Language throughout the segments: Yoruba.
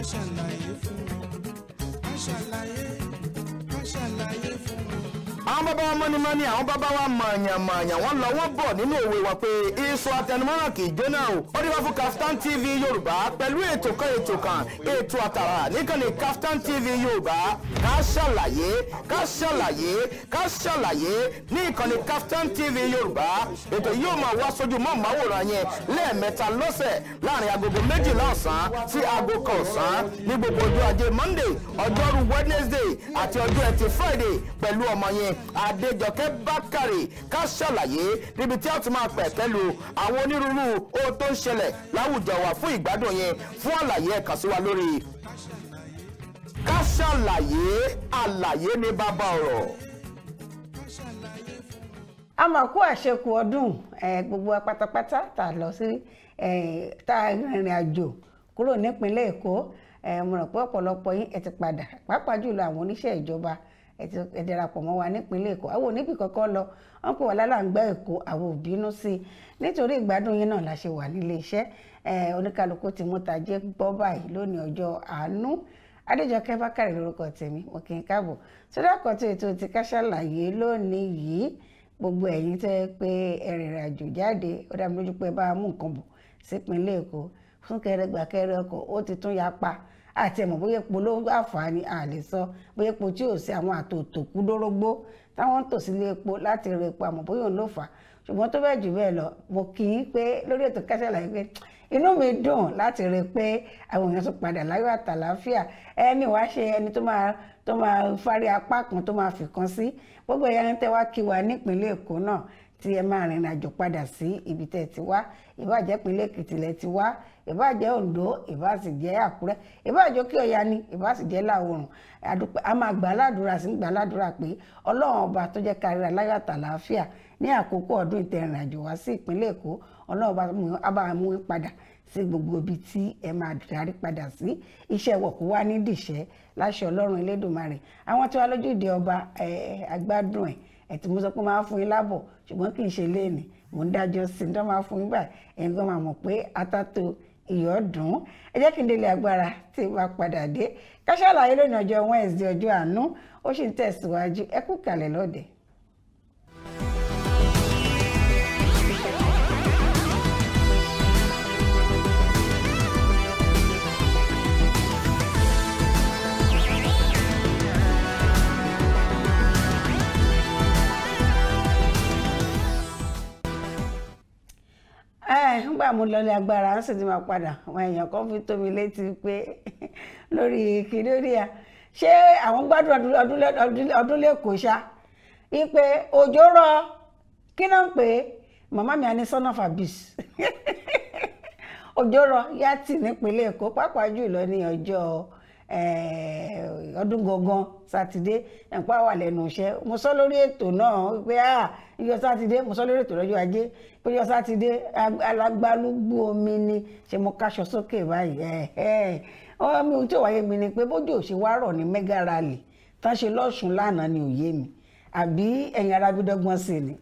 a ṣàlàyé fún wọn a ṣàlàyé àwọn bàbá wa mọ́nimọ́ni àwọn bàbá wa mọ̀nyàmọ̀nyà wọ́n lọ wọ́n bọ̀ nínú òwe wa pé iṣu àtẹnumọ́ràn kì í jóná o. ó dé fún Kaftan TV Yorùbá pẹ̀lú ètò kan ètò kan ètò àtàrà níkànnì Kaftan TV Yorùbá ká ṣàlàyé ká ṣàlàyé ká ṣàlàyé ní Kaftan TV Yorùbá ètò yóò máa wá sójú mọ́ màwòrán yẹn lẹ́ẹ̀mẹ́ta lọ́sẹ̀ láàrin agogo méjìlá ọ̀sán sí aago kan ọ̀sán ní gbogbo ọjọ́ ajé Monday ọjọ́rú Wednesday àti ọjọ́ ẹtì Friday pẹ̀lú ọmọ yẹn adéjọkẹ́ bákàrè ká ṣàlàyé níbi tí a ti máa pẹ̀ pẹ́lú àwọn onírúurú ohun tó ń ṣẹlẹ̀ láwùjọ wa fún ìgbádùn yẹn fún àlàyé ẹ kàn sí wa lórí ká ṣàlàyé àlàyé ní bàbá ọ̀rọ̀. a máa kó àṣekù ọdún gbogbo pátápátá tá a lọ sí tá a rìnrìn àjò kúrò nípínlẹ̀ èkó mo rò pé ọ̀pọ̀lọpọ̀ yín ẹ ti padà pàápàá jùlọ àwọn oníṣẹ́ ìjọba ẹ darapọ̀ mọ́ wa nípínlẹ̀ èkó àwọn oníbì kọ́kọ́ lọ wọ́n pè wá lálàǹgbá èkó àwọn òbínú sí i nítorí ìgbádùn yín náà la ṣe wà nílé iṣẹ́ oníkálukú ti mú ta jẹ́ gbọ́ báyìí lónìí ọjọ́ àánú adéjọkẹ́ bákàrẹ̀ lórúkọ tèmi mo kì í káàbọ̀ sódà kan tó ètò ti ká ṣàlàyé lónìí yìí gbogbo ẹ̀yin tẹ́ pé ẹ̀rìnrìn àjò jáde ó dá lójú pé bá a mú nǹkan bọ̀ sípínlẹ̀ èkó fúnkẹrẹgbàkẹrẹ ọkọ̀ ó ti tún yapa àtẹ̀mọ̀ bóyá epo ló àǹfààní àlè sọ bóyá epo tí ò sí àwọn àtòtò kú dórógbó táwọn ń tò sílé epo láti rẹ epo àmọ́ bóyá òun ló fà á ṣùgbọ́n tó bẹ́ẹ̀ jù bẹ́ẹ̀ lọ mo kì í pé lórí ètò Káṣálá yìí pé inú mi dùn láti rí i pé àwọn èèyàn tún padà láyọ̀ àtàlàáfíà ẹni wàá ṣe ẹni tó máa tó máa fárí apá kan tó máa fìkan sí gbogbo ẹ̀yà ń tẹ́ wá kí wa nípínlẹ̀ Èkó náà tí ẹ máa rìnrìn àjò padà sí ibi tẹ́ ẹ ti Èkìtì lẹ ti ìbáàjẹ́ Oǹdó ìbáàsì jẹ́ Àkúrẹ́ ìbáàjẹ́ Òkè Ọya ni ìbáàsì jẹ́ Láwòrán àdúpẹ́ a máa gbà ládùúrà sí gbà ládùúrà pé Ọlọ́run ọba tó jẹ́ kárí aláyọ̀ àtàlàáfíà ní àkókò ọdún ìtẹ̀rìn àjò wá sí ìpínlẹ̀ Èkó Ọlọ́run ọba a bá mú padà sí gbogbo ibi tí ẹ máa darí padà sí iṣẹ́ wọ̀kú wá ní dìṣẹ́ láṣẹ Ọlọ́run Elédùmarè àwọn tí wàá lójú ìdí ọba agbádùn ẹ̀ ẹ̀ tí mo sọ pé máa fún yín lábọ̀ ṣùgbọ́n kì í ṣe léèní mò ń dájọ́ sí ní tó máa fún yín gbà ẹ̀ ń gbọ́n máa mọ̀ pé atátó ìyọ́dún ẹ jẹ́ kí n délé agbára tí wàá padà dé ká ṣàlàyé lónìí ọjọ́ Wednesday ọjọ́ àánú ó sì ń tẹ̀síwájú ẹ kú kalẹ̀ lọ́dẹ̀ẹ́. nígbà mo lọlé agbára ó sì ti máa padà àwọn èèyàn kan fi tó mi létí pé lórí kìnìúnìyà ṣé àwọn gbádùn ọdún lẹ́kọ̀ọ́ ṣá ipe òjò rọ kí náà ń pè é màmá mi àní son of abuse òjò rọ yá tì nípínlẹ̀ Èkó pàápàá jùlọ ní ọjọ́ Eh, ọdún gangan sátidé ẹ̀ǹpá wà lẹ́nu iṣẹ́ mo sọ lórí ètò náà pé à iyọ sátidé mo sọ lórí ètò lọ́jọ́ ajé pé iyọ sátidé alágbálúgbú omi ni ṣe mo káṣọ sókè báyìí ọmọ ohun tí ò wáyé mi ni pé bójú òṣè wá rọ̀ ní mega rally tán ṣe lọ́sùn lánàá ni òye mi àbí ẹ̀yin arábídọ́gbọ́n sí ni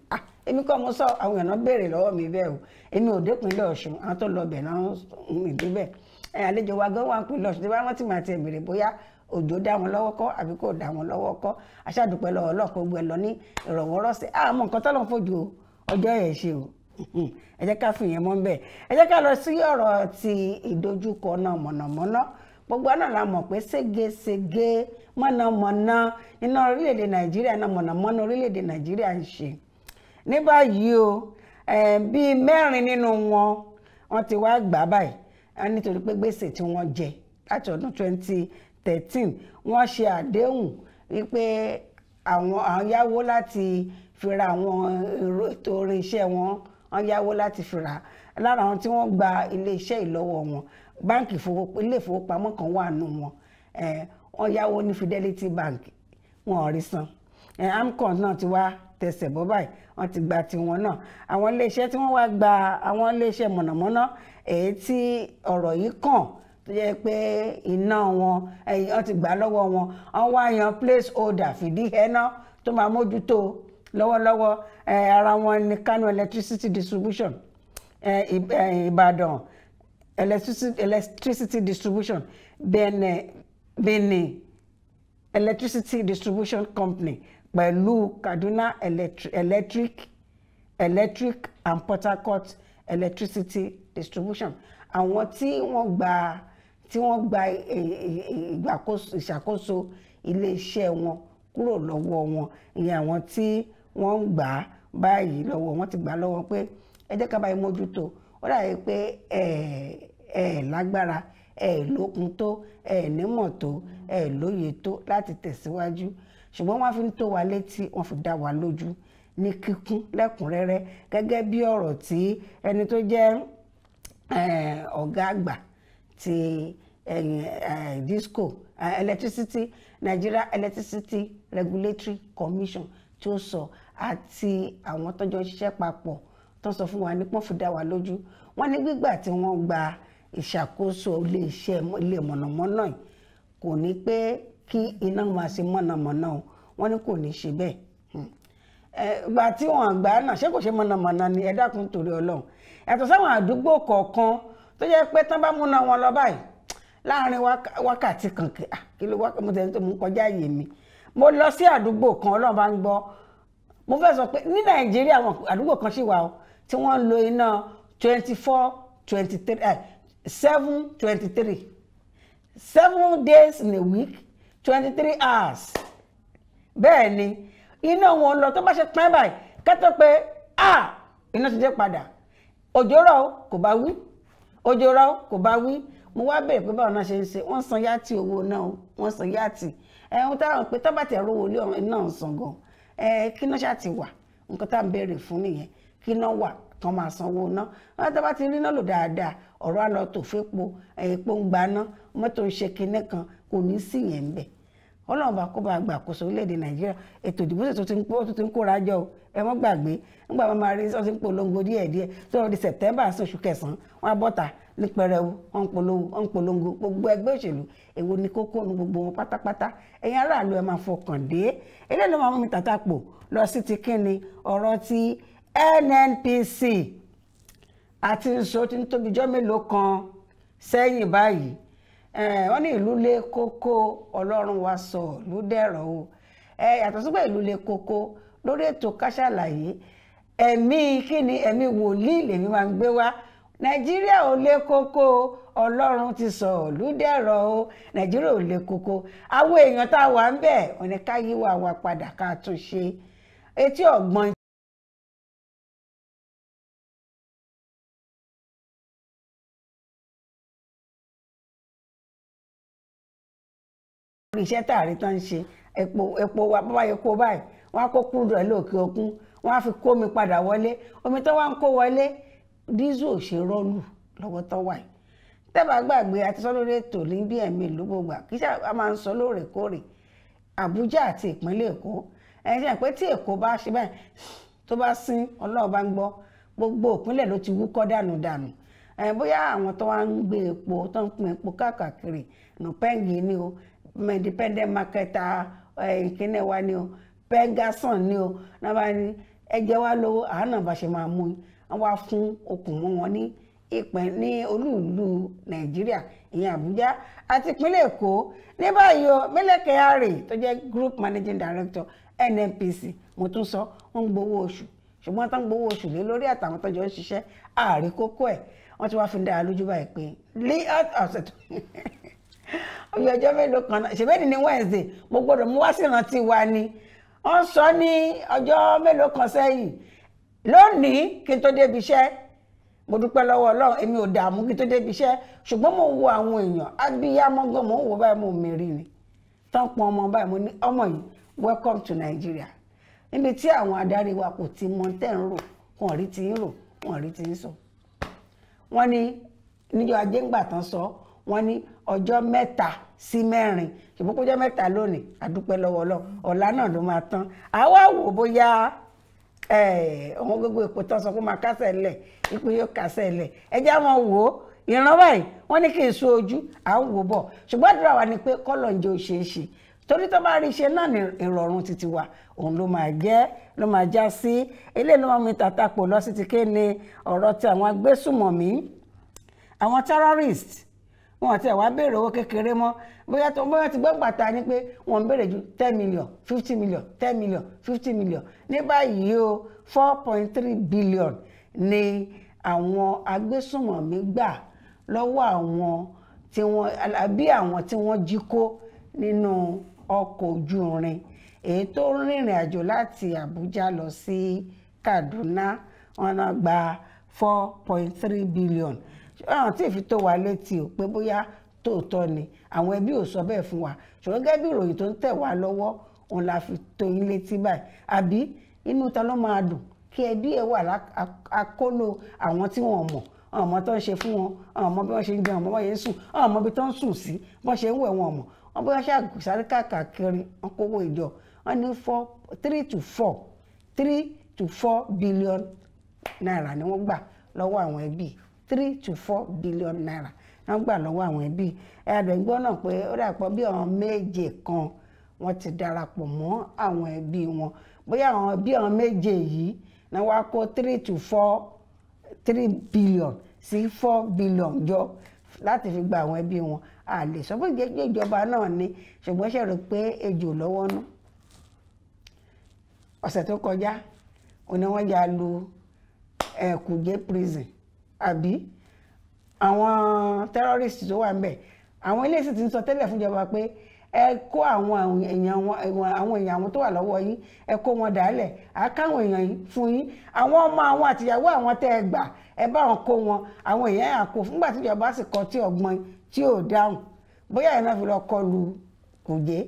èmi kọ́ mo sọ àwọn èèyàn béèrè lọ́wọ́ mi bẹ́ẹ̀ o èmi ò dépinlẹ̀ ẹ àlejò wa gan wà ń pè lọ́sùn tí wọ́n ti máa ti bèrè bóyá òjò dá wọn lọ́wọ́ kọ́ àbí kò dá wọn lọ́wọ́ kọ́ aṣáàdùpẹ́ lọ́wọ́ ọlọ́kọ̀ gbẹ lọ ní ìrọ̀wọ́rọ́sẹ̀ àmọ́ nǹkan tọ́lọ́ fojú ọjọ́ ẹ̀ ṣe o ẹ jẹ́ ká fìyẹn mọ́ bẹ́ẹ̀ ẹ jẹ́ ká lọ sí ọ̀rọ̀ ti ìdojúkọ náà mọ̀nàmọ́ná gbogbo náà la mọ̀ pé ségesège mọ̀nàmọ́ná iná orílẹ̀-èdè nàìjíríà náà mọ̀nàmọ́ná orílẹ̀-èdè nàìjíríà ń ṣe ní báyìí o bíi mẹ́rin nínú wọn wọ́n ti wá gbà báyìí á nítorí pé gbèsè tí wọ́n jẹ láti ọdún 2013 wọ́n ṣe àdéhùn wípé àwọn àwọn yáwó láti fi ra àwọn ètò irinṣẹ́ wọn wọ́n yáwó láti fi ra lára àwọn tí wọ́n gba iléeṣẹ́ ìlọ́wọ́ wọn báǹkì ilé ìfowópamọ́ kan wà nù wọn wọ́n yáwó ní Fidelity Bank wọn ò rí san amcon náà ti wá tẹsẹ̀ bọ́ báyìí wọ́n ti gba tiwọn náà àwọn iléeṣẹ́ tí wọ́n wá gba àwọn iléeṣẹ́ mọ̀nàmọ́ná èyí tí ọ̀rọ̀ yìí kàn tó jẹ́ pé iná wọn ẹ̀yìn wọn ti gbà lọ́wọ́ wọn wọn wá yan place holder fìdí ẹná tó máa mójútó lọ́wọ́lọ́wọ́ ara wọn ni Kano electricity distribution Ìbàdàn electricity distribution Benin electricity distribution company pẹ̀lú Kaduna electric electric and Port Harcourt electricity distribution àwọn tí wọ́n gba tí wọ́n gba eh, eh, ìṣàkóso iléeṣẹ́ wọn kúrò lọ́wọ́ wọn ìyẹn àwọn tí wọ́n ń gbà á báyìí lọ́wọ́ wọn ti gbà á lọ́wọ́ pé ẹ jẹ́ ká báyìí mójútó ó dàbí pé ẹ ẹ lágbára ẹ lókun tó ẹ nímọ̀ tó ẹ lóye tó láti tẹ̀síwájú ṣùgbọ́n wọ́n fi ń tó wa létí wọ́n fi dá wa lójú ní kíkún lẹ́kùnrẹ́rẹ́ gẹ́gẹ́ bí ọ̀rọ̀ tí ẹni tó jẹ́ ọ̀gá àgbà ti disco electricity Nigeria electricity regulatory commission tí ó sọ àti àwọn tó jọ ṣiṣẹ́ papọ̀ tó sọ fún wa ní pọ́n fi dá wa lójú wọ́n ní gbígbà tí wọ́n gba ìṣàkóso iléeṣẹ́ ilé mọ̀nàmọ́ná yìí kò ní pé kí iná máa ṣe mọ̀nàmọ́ná o wọ́n ní kò ní ṣe bẹ́ẹ̀ ìgbà tí wọ́n gbà náà ṣé kò ṣe mọ̀nàmọ̀nà ni ẹ dákun torí ọlọ́run ẹ̀tọ́ sáwọn àdúgbò kọ̀ọ̀kan tó jẹ́ pé tán bá múná wọn lọ báyìí láàrin wákàtí kan kí ah, ló wákàtí mo tẹ̀lé tó mú kọjá àyè mi mo lọ sí àdúgbò kan ọlọ́run bá ń gbọ́ mo fẹ́ sọ pé ní nàìjíríà àwọn àdúgbò kan ṣì wà o tí wọ́n ń lo iná twenty four twenty three eh, seven twenty three seven days in a week twenty three hours bẹ́ẹ̀ ni iná wọn lọ tó bá ṣe pẹ́ báyìí kẹ́tọ́ pé a iná ti dé padà òjò rọ̀ kò bá wí òjò rọ̀ kò bá wí mo wá bẹ̀rẹ̀ pé báwọn náà ṣe ń ṣe wọ́n san yáàtì owó náà wọ́n san yáàtì ẹ̀hún táwọn pé tọ́ bá ti ẹ̀rọ wòlé ọ̀run náà san gan ẹ̀ kí náà ṣáà ti wà nǹkan tá à ń béèrè fún nìyẹn kí náà wà tán máa sanwó ná wọn tó ti rí náà lò dáadáa ọ̀rọ̀ àlọ́ tòfépo epo ń gbaná mọ́tò ń ṣe kinní kan kò ní sí yẹn ń bẹ̀ ọlọ́run bá kó bá gbàkóso orílẹ̀-èdè nàìjíríà ètò ìdìbò sì tún ti ń kóra jọ o ẹ mọ́ gbàgbé nígbà máa rí sọ́sí ń polongo díẹ̀ díẹ̀ tó di sẹ̀tẹ́mbà sí oṣù kẹsàn-án wọn bọ́ta ní pẹrẹwu wọn polongo wọn polongo gbogbo ẹgbẹ́ òṣèlú èwo ni kókó nu gbogbo wọn pátápátá ẹ̀yin aráàlú ẹ máa fọkàn dé eléyìí ló máa mú mi tàtà pò lọ sí ti kíni ọ̀rọ̀ ti NNPC àti nso ti ń tóbi jọ́ mélòó kan sẹ́yìn báyìí Eh, wọ́n ní ìlú lé kókó ọlọ́run wa sọ ìlú dẹ̀rọ̀ o eh, yàtọ̀ sípò ìlú lé kókó lórí ètò Ká Sálàyé ẹ̀mí kíni ẹ̀mí wòlíì lèmi máa ń gbé wá nàìjíríà ò lé kókó ọlọ́run ti sọ ìlú dẹ̀rọ̀ o nàìjíríà ò lé kókó àwọn èèyàn tá a wà ń bẹ̀ ọ̀nà ká yíwá wa padà ká tún ṣe etí ọ̀gbọ́n iṣẹ́ tààrí tán ń ṣe epo epo wa bá yẹ kó báyìí wọ́n á kó kúrò ẹ̀ lóòkè òkun wọ́n á fi kó omi padà wọlé omi tó wá ń kó wọlé dísù ò ṣe rọ́ọ̀lù lọ́wọ́ tó wà yìí tẹ́bà gbàgbé àti sọ́lórí ètò ní bí ẹ̀mí ìlú gbogbo àkíṣà a máa ń sọ lóòrèkóòrè Àbújá àti ìpínlẹ̀ Èkó ẹ̀yìn sẹ́yìn pé tí Èkó bá ṣe báyìí tó bá sín Ọlọ́run bá ń gbọ́ gbogbo ìpínlẹ̀ ló ti wúkọ́ dànù dànù bóyá àwọn tó wá ń gbé epo tó ń pin epo káàkiri nùpẹ́ǹgì ni o independent marketer ìkíní wa ni o Pegason ni o náà bá ní ẹjẹ wa lówó àánà bá ṣe máa mú yín wọn wá fún okùn mọ́ wọn ní ìpín ní olúùlú Nàìjíríà ìyẹn Àbújá àti ìpínlẹ̀ Èkó ní báyìí o Mílẹ̀kì Ààrẹ tó jẹ́ group managing director NNPC mo tún sọ wọn ń gbowó oṣù ṣùgbọ́n tó ń gbowó oṣù lé lórí àtàwọn tó jọ ń ṣiṣẹ́ ààrí kókó ẹ̀ wọ́n ti wá fi ń dára lójú báyìí pé lé ọ̀sẹ̀ tó ọyọ ọjọ́ mélòó kan náà ṣèbéèni ní Wednesday mo gbọ́dọ̀ mú wá sí ìrántí wa ni ó ń sọ ní ọjọ́ mélòó kan sẹ́yìn lónìí kí n tó débi iṣẹ́ mo dúpẹ́ lọ́wọ́ Ọlọ́run èmi ò dààmú kí n tó débi iṣẹ́ ṣùgbọ́n mo wo àwọn èèyàn abiyamọ gan mo ń wo báyìí mo mèrì ni tán pọn ọmọ báyìí mo ní ọmọ yìí welcome to Nigeria níbi tí àwọn adarí wa kò ti mọ tẹ́ ń rò wọn rí ti ń rò wọn rí ti ń sọ wọn ní níjọ ajé ńgbà tán sọ wọn ní ọjọ́ mẹ́ta sí mẹ́rin ṣùgbọ́n kó jẹ́ mẹ́ta lónìí àdúpẹ́ lọ́wọ́ lọ ọ̀la náà ló máa tán àwa wò bóyá ọmọ gbogbo èpò tán sọ pé máa kásẹ̀ lẹ̀ ipò yóò kásẹ̀ lẹ̀ ẹjẹ́ àwọn wò ó ìran báyìí wọ́n ní kí n so ojú à ń wò bọ̀ ṣùgbọ́n àdúrà wa ni pé kọ́lọ̀ ń jẹ́ òṣèṣe torí tó bá rí iṣẹ́ náà ní ìrọ̀rùn títí wa òun ló máa jẹ́ ló máa já sí eléyìí ló máa mi tàtàpọ̀ lọ sí ti ké ọ̀rọ̀ ti àwọn agbésùmọ̀mí àwọn terrorists wọn àti ẹ̀wá béèrè owó kékeré mọ́ bóyá tó bóyá ti gbọ́ngbà ta ni pé wọ́n béèrè ju ten million fifty million ten million fifty million ní báyìí o four point three billion ni àwọn agbésùnmọ̀mí gbà lọ́wọ́ àwọn tí wọ́n àbí àwọn tí wọ́n jí kó nínú ọkọ̀ ojú irin èyí tó rìnrìn àjò láti Àbújá lọ sí Kaduna wọ́n náà gba four point three billion ọ̀ràn tí ìfi tó wa létí o pé bóyá tòótọ́ ni àwọn ẹbí ò sọ bẹ́ẹ̀ fún wa ṣùgbọ́n gẹ́gẹ́ bí ìròyìn tó ń tẹ̀ wá lọ́wọ́ òun la fi tó yín létí báyìí àbí inú ta ló máa dùn kí ẹbí ẹ wà lákóló àwọn tí wọn mọ̀ ọmọ tó ń ṣe fún wọn ọmọ bí wọ́n ṣe ń jẹun ọmọ yẹn ń sùn ọmọ bí tó ń sùn sí bọ́n ṣe ń wẹ̀ wọn mọ̀ wọ́n bí wọ́n ṣe àgùsáré káàkiri wọ́n kówó ìjọ wọ́n ní four three to four three to four billion naira ni wọ́n gbà lọ́wọ́ àwọn ẹbí three to four billion naira wọ́n gbà lọ́wọ́ àwọn ẹbí ẹ̀ẹ́dẹ̀gbọ́ náà pé ó dàpọ̀ bí àwọn méje kan wọ́n ti darapọ̀ mọ́ àwọn ẹbí wọn bóyá àwọn bí àwọn méje yìí ni wọ́n á kó three to four three billion sí four billion jọ láti fi gba àwọn ẹbí wọn a lè sọ pé gẹ́gẹ́ ìjọba náà ni ṣùgbọ́n ṣe rò pé ejò lọ́wọ́ nú ọ̀sẹ̀ tó kọjá òní wọ́n ya lu ẹ̀kújẹ́ prison àbí àwọn terrorist tó wà ńbẹ̀ àwọn ilé sì ti ń sọ tẹ́lẹ̀ fúnjọba pé ẹ kó àwọn èèyàn àwọn èèyàn àwọn tó wà lọ́wọ́ yín ẹ kó wọn dàálẹ̀ á káwọn èèyàn yín fún yín àwọn ọmọ àwọn àtìyàwó àwọn tẹ́ ẹ gbà ẹ bá wọn kó wọn àwọn èèyàn àkó fúngbà tíjọba sì kọ tí ọgbọ́n tí ò dáhùn bóyá ẹ̀ náà fi lọ kọlu kùjé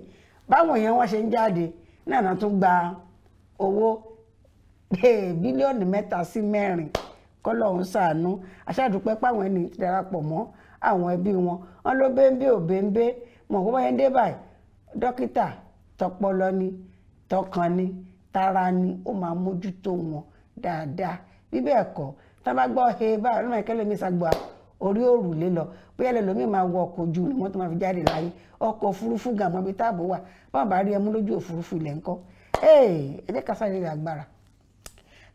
báwọn èèyàn wọn ṣe ń jáde náà náà tún gba owó eh, bílíọ̀nù mẹ́ta sí mẹ́rin kọ́lọ́hún ṣàánú aṣáàdúpẹ́ páwọn ẹni tí darapọ̀ mọ́ àwọn ẹbí wọn wọn ló bẹ́ńbẹ́ ò bẹ́ńbẹ́ mọ̀ pé wọ́n dé báyìí dókítà tọpọlọ ni tọkàn ni tara ni ó máa mójútó wọn dáadáa bíbẹ́ ẹ̀kọ́ tá he báyìí ọlọ́mọ ìkẹ́lẹ́ mi ṣàgbà orí òrùlé lọ bóyá ẹlòmíì máa wọ ọkọ̀ ojú ni wọ́n tó máa fi jáde láyé ọkọ̀ òfurufú gàmọ́ bíi táàbù wà báwọn bá rí ẹmú lójú òfurufú ilẹ̀ ńkọ́ ẹ jẹ́ ká sáré agbára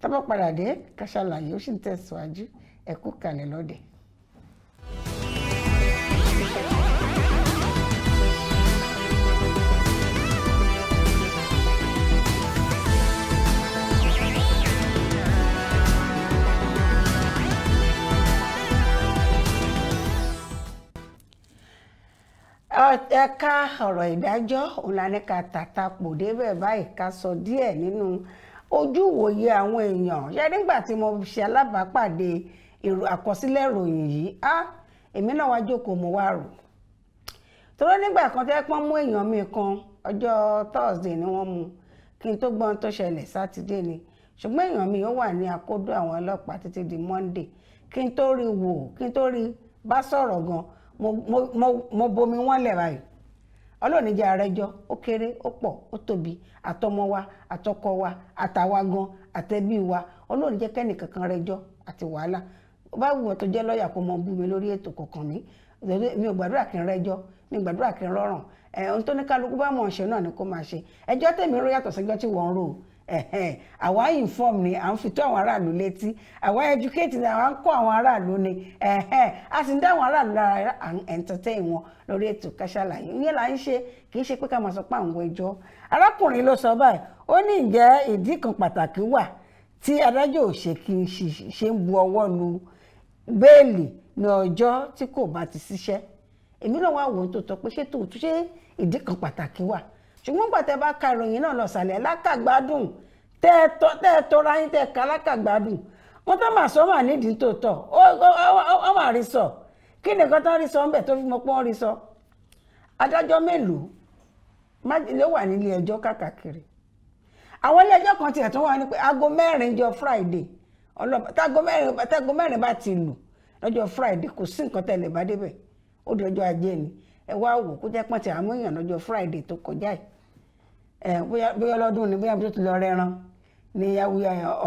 tá bá padà dé ká ṣàlàyé ó sì ń tẹ̀síwájú ẹ kú kalẹ̀ lọ́dẹ̀. ẹ̀ka ọ̀rọ̀ ìdájọ́ ọ̀làníkà tàtàpọ̀ débẹ̀ báyìí ká sọ díẹ̀ nínú ojú ìwòye àwọn èèyàn ṣe nígbà tí mo ṣe alábàápàdé àkọsílẹ̀ ìròyìn yìí á èmi náà wá jókòó mo wá rò torí nígbà kan tẹ́ pọ́n mú èèyàn mi kan ọjọ́ Thursday ni wọ́n mú kí n tó gbọ́n tó ṣẹlẹ̀ Saturday ni ṣùgbọ́n èèyàn mi ó wà ní àkódó àwọn ọlọ́pàá títí di Monday kí n tó rí wò kí n tó rí bá sọ̀rọ̀ gan mo bomi wọ́n lẹ̀ báyìí ọlọ́run níjà àrẹjọ ó kéré ó pọ̀ ó tóbi àtọmọ wa àtọkọ wa àtàwa gan àtẹbí wa ọlọ́run jẹ́ kẹ́nìkankan rẹjọ àti wàhálà bá wù ọ́ tó jẹ́ lọ́ọ̀yà kó mọ bú mi lórí ètò kọ̀ọ̀kan mi mi ò gbàdúrà kí n rẹjọ mi ò gbàdúrà kí n rọrùn ẹ̀ ohun tó ní kálukú bá mọ̀ ọ́n ṣe náà ni kó máa ṣe ẹjọ́ tèmi ró yàtọ̀ sẹ́jọ́ tí wọ́n ń rò ó àwa inform ni à ń fi tó àwọn aráàlú létí àwa educate ni àwa ń kó àwọn aráàlú ni a sì ń dá àwọn aráàlú lára à ń entertain wọn lórí ètò Ká Sálàyé ìyẹn là ń ṣe kì í ṣe pé ká máa sọ pé àwọn ẹjọ́ arákùnrin ló sọ báyìí ó ní ǹjẹ́ ìdí kan pàtàkì wà tí adájọ́ ò ṣe kí n ṣe ń bu ọwọ́ lu bẹ́ẹ̀lì ní ọjọ́ tí kò bá ti ṣiṣẹ́ èmi náà wà wò ó tó tọ́ pé ṣé tòótọ́ ṣé ìdí kan pàtàkì wà ṣùgbọ́n gbàtẹ́ bá ka ìròyìn náà lọ sàlẹ̀ lákàgbádùn tẹ́ ẹ tọ́ra yín tẹ́ ẹ ka lákàgbádùn wọ́n máa sọ wà nídìí tó tọ̀ ó máa rí sọ kí nìkan tó rí sọ ń bẹ̀ tó fi rí sọ adájọ́ kan tiẹ̀ tó wà ní pé aago mẹ́rin jọ Friday ọlọ́pàá tágo mẹ́rin bá ti lù lọ́jọ́ Friday kò sí ajé ni ẹ wá wò kó jẹ́ àmúyàn lọ́jọ́ Friday tó bóyá lọ́dún ni bóyá bí ó ti lọ rẹran ni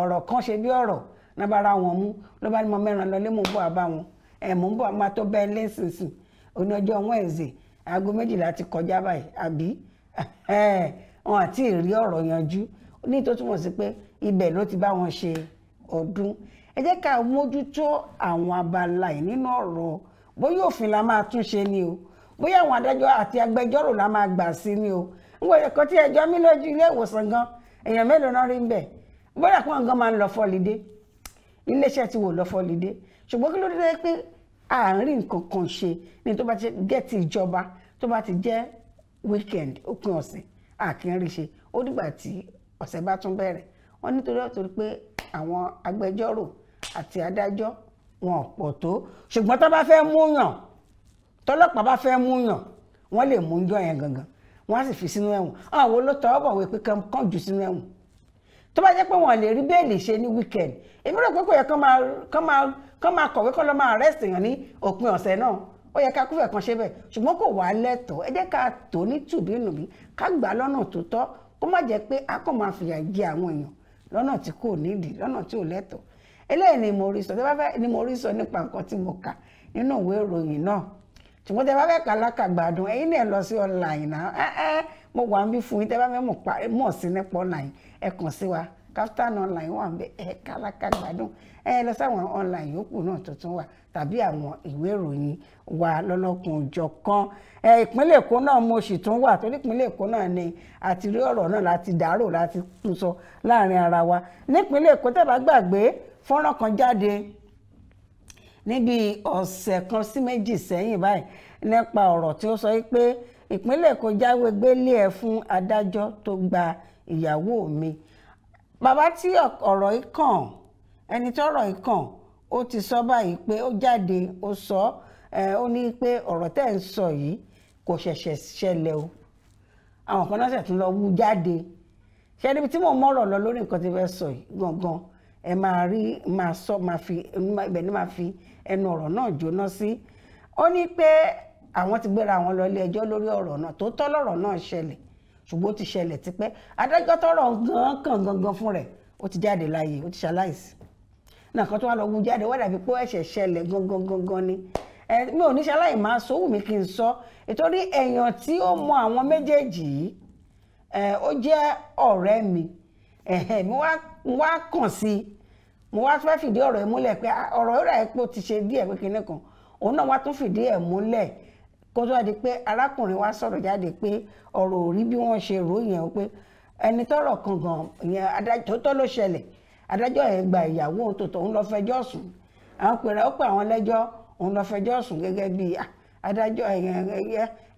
ọ̀rọ̀ kan ṣe bí ọ̀rọ̀ náà bá ra wọn mú ló bá ní mo mẹ́ran lọlé mò ń bọ̀ àbá wọn ẹ̀ mò ń bọ̀ àmọ́ tó bẹ́ẹ̀ lẹ́sìnsìn òní ọjọ́ Wednesday aago méjìlá ti kọjá báyìí àbí wọn àti ìrí ọ̀rọ̀ yanjú ní tó túmọ̀ sí pé ibẹ̀ ló ti bá wọn ṣe ọdún ẹ jẹ́ ká mójútó àwọn abala yìí nínú ọ̀rọ̀ bóyá òfin la máa tún ṣe ni o bóyá àwọn adájọ́ àti agbẹjọ́rò la máa gbà sí ni o n kò tí ẹjọ́ mi lójú ilé ìwòsàn gan èèyàn mélòó náà rí ń bẹ̀ bóyá kí wọ́n gan máa ń lọ fọ́lidé iléeṣẹ́ ti wò lọ fọ́lidé ṣùgbọ́n kí ló dé pé àárín nǹkan kan ṣe ni tó bá ti jẹ́ ti ìjọba tó bá ti jẹ́ weekend òpin ọ̀sẹ̀ àkínrí ṣe ó dìgbà tí ọ̀sẹ̀ bá tún bẹ̀rẹ̀ wọ́n nítorí ọ̀tọ̀rí pé àwọn agbẹjọ́rò àti adájọ́ wọn pọ̀ tó ṣùgbọ́n tó bá fẹ́ mú yàn tọ́lọ́pàá bá fẹ́ mú yàn wọ́n lè mú yàn yẹn gangan wọ́n á sì fi sínú ẹ̀wọ̀n àwọn olótọ́ ọ̀bọ̀wé pé kàn jù sínú ẹ̀wọ̀n tó bá jẹ́ pé wọ́n lè rí bẹ́ẹ̀lì ṣe ní weekend èmi rò pé kò yẹ kán máa kọ̀wé kán lọ máa arrest èèyàn ní òpin ọ̀sẹ̀ náà ó yẹ ká kúfẹ̀ kan ṣe bẹ́ẹ̀ ṣùgbọ́n kò wá lẹ́tọ̀ọ́ ẹ jẹ́ ká tó ní tùbínùbí ká gbà lọ́nà tó tọ́ kó má jẹ́ pé a kò máa fìyà jẹ àwọn èèyàn lọ́nà tí kò nídìí lọ́nà tí ò lẹ́tọ̀ọ́ eléyìí ni mo rí sọ tí bá fẹ́ ni mo rí sọ nípa nǹkan tí mo kà nínú ìwé ìròyìn náà ṣùgbọ́n tẹ bá fẹ́ kà lákàgbàdùn ẹ̀yin náà lọ sí online náà ẹ eh, ẹ eh, mo wà ń bí fún yín tẹ bá fẹ́ mọ̀ sí nípa online ẹ kàn sí wa Kaftan online wà ń bẹ ẹ kà lákàgbàdùn ẹ lọ sáwọn online yòókù náà tuntun wà tàbí àwọn ìwé ìròyìn wa lọ́lọ́kun òjọ̀ kan ẹ ìpínlẹ̀ Èkó náà mo sì tún wà torí ìpínlẹ̀ Èkó náà ni àti rí ọ̀rọ̀ náà láti dàrò láti tún sọ láàrin ara wa nípínlẹ̀ Èkó tẹ bá gbàgbé fọ́nrán kan jáde níbi ọ̀sẹ̀ kan sí méjì sẹ́yìn báyìí nípa ọ̀rọ̀ tí ó sọ pé ìpínlẹ̀ Èkó jáwé gbélé ẹ̀ fún adájọ́ tó gba ìyàwó mi bàbá tí ọ̀rọ̀ yìí kàn ẹni tọ́rọ̀ yìí kàn ó ti sọ báyìí pé ó jáde ó sọ ó ní pé ọ̀rọ̀ tẹ́ ń sọ yìí kò ṣẹ̀ṣẹ̀ ṣẹlẹ̀ o àwọn kan náà ṣẹ̀tún lọ wú jáde ṣe níbi tí mò ń mọ̀rọ̀ lọ lórí nǹkan tí fẹ́ sọ yìí gangan ẹ máa rí máa sọ máa fi ibẹ̀ ni máa fi ẹnu ọ̀rọ̀ náà jóná sí ó ní pé àwọn ti gbéra àwọn lọ ilé ẹjọ́ lórí ọ̀rọ̀ náà tó tọ́ lọ́rọ̀ náà ṣẹlẹ̀ ṣùgbọ́n ó ti ṣẹlẹ̀ tipẹ́ adájọ́ tọ́rọ̀ gan kan gangan fún rẹ̀ ó ti jáde láàyè ó ti ṣaláìsí náà kan tó wá lọ wú jáde wọ́n dàbí pé ẹ̀ṣẹ̀ ṣẹlẹ̀ gangan gangan ni mi ò ní ṣe aláìmá sọ wù mí kí n sọ ìtorí èèyàn tí ó mọ àwọn méjèèjì yìí ó jẹ́ ọ̀rẹ́ mi mi wá kàn sí i mo wá fẹ́ fìdí ọ̀rọ̀ ẹ̀ múlẹ̀ pé ah, ọ̀rọ̀ ìrà epo ti ṣe díẹ̀ pé kinní kan òun náà wá tún fìdí ẹ̀ múlẹ̀ kó tó di pé arákùnrin wa sọ̀rọ̀ jáde pé ọ̀rọ̀ ò rí bí wọ́n ṣe rò yẹn pé ẹni tọ́rọ̀ kan gan ìyẹn adájọ́ tó ló ṣẹlẹ̀ adájọ́ yẹn gba ìyàwó tòótọ́ òun lọ fẹjọ́ sùn àwọn pèrè ó pè àwọn lẹ́jọ́ òun lọ fẹjọ́ sùn gẹ́gẹ́ bí ah, adájọ́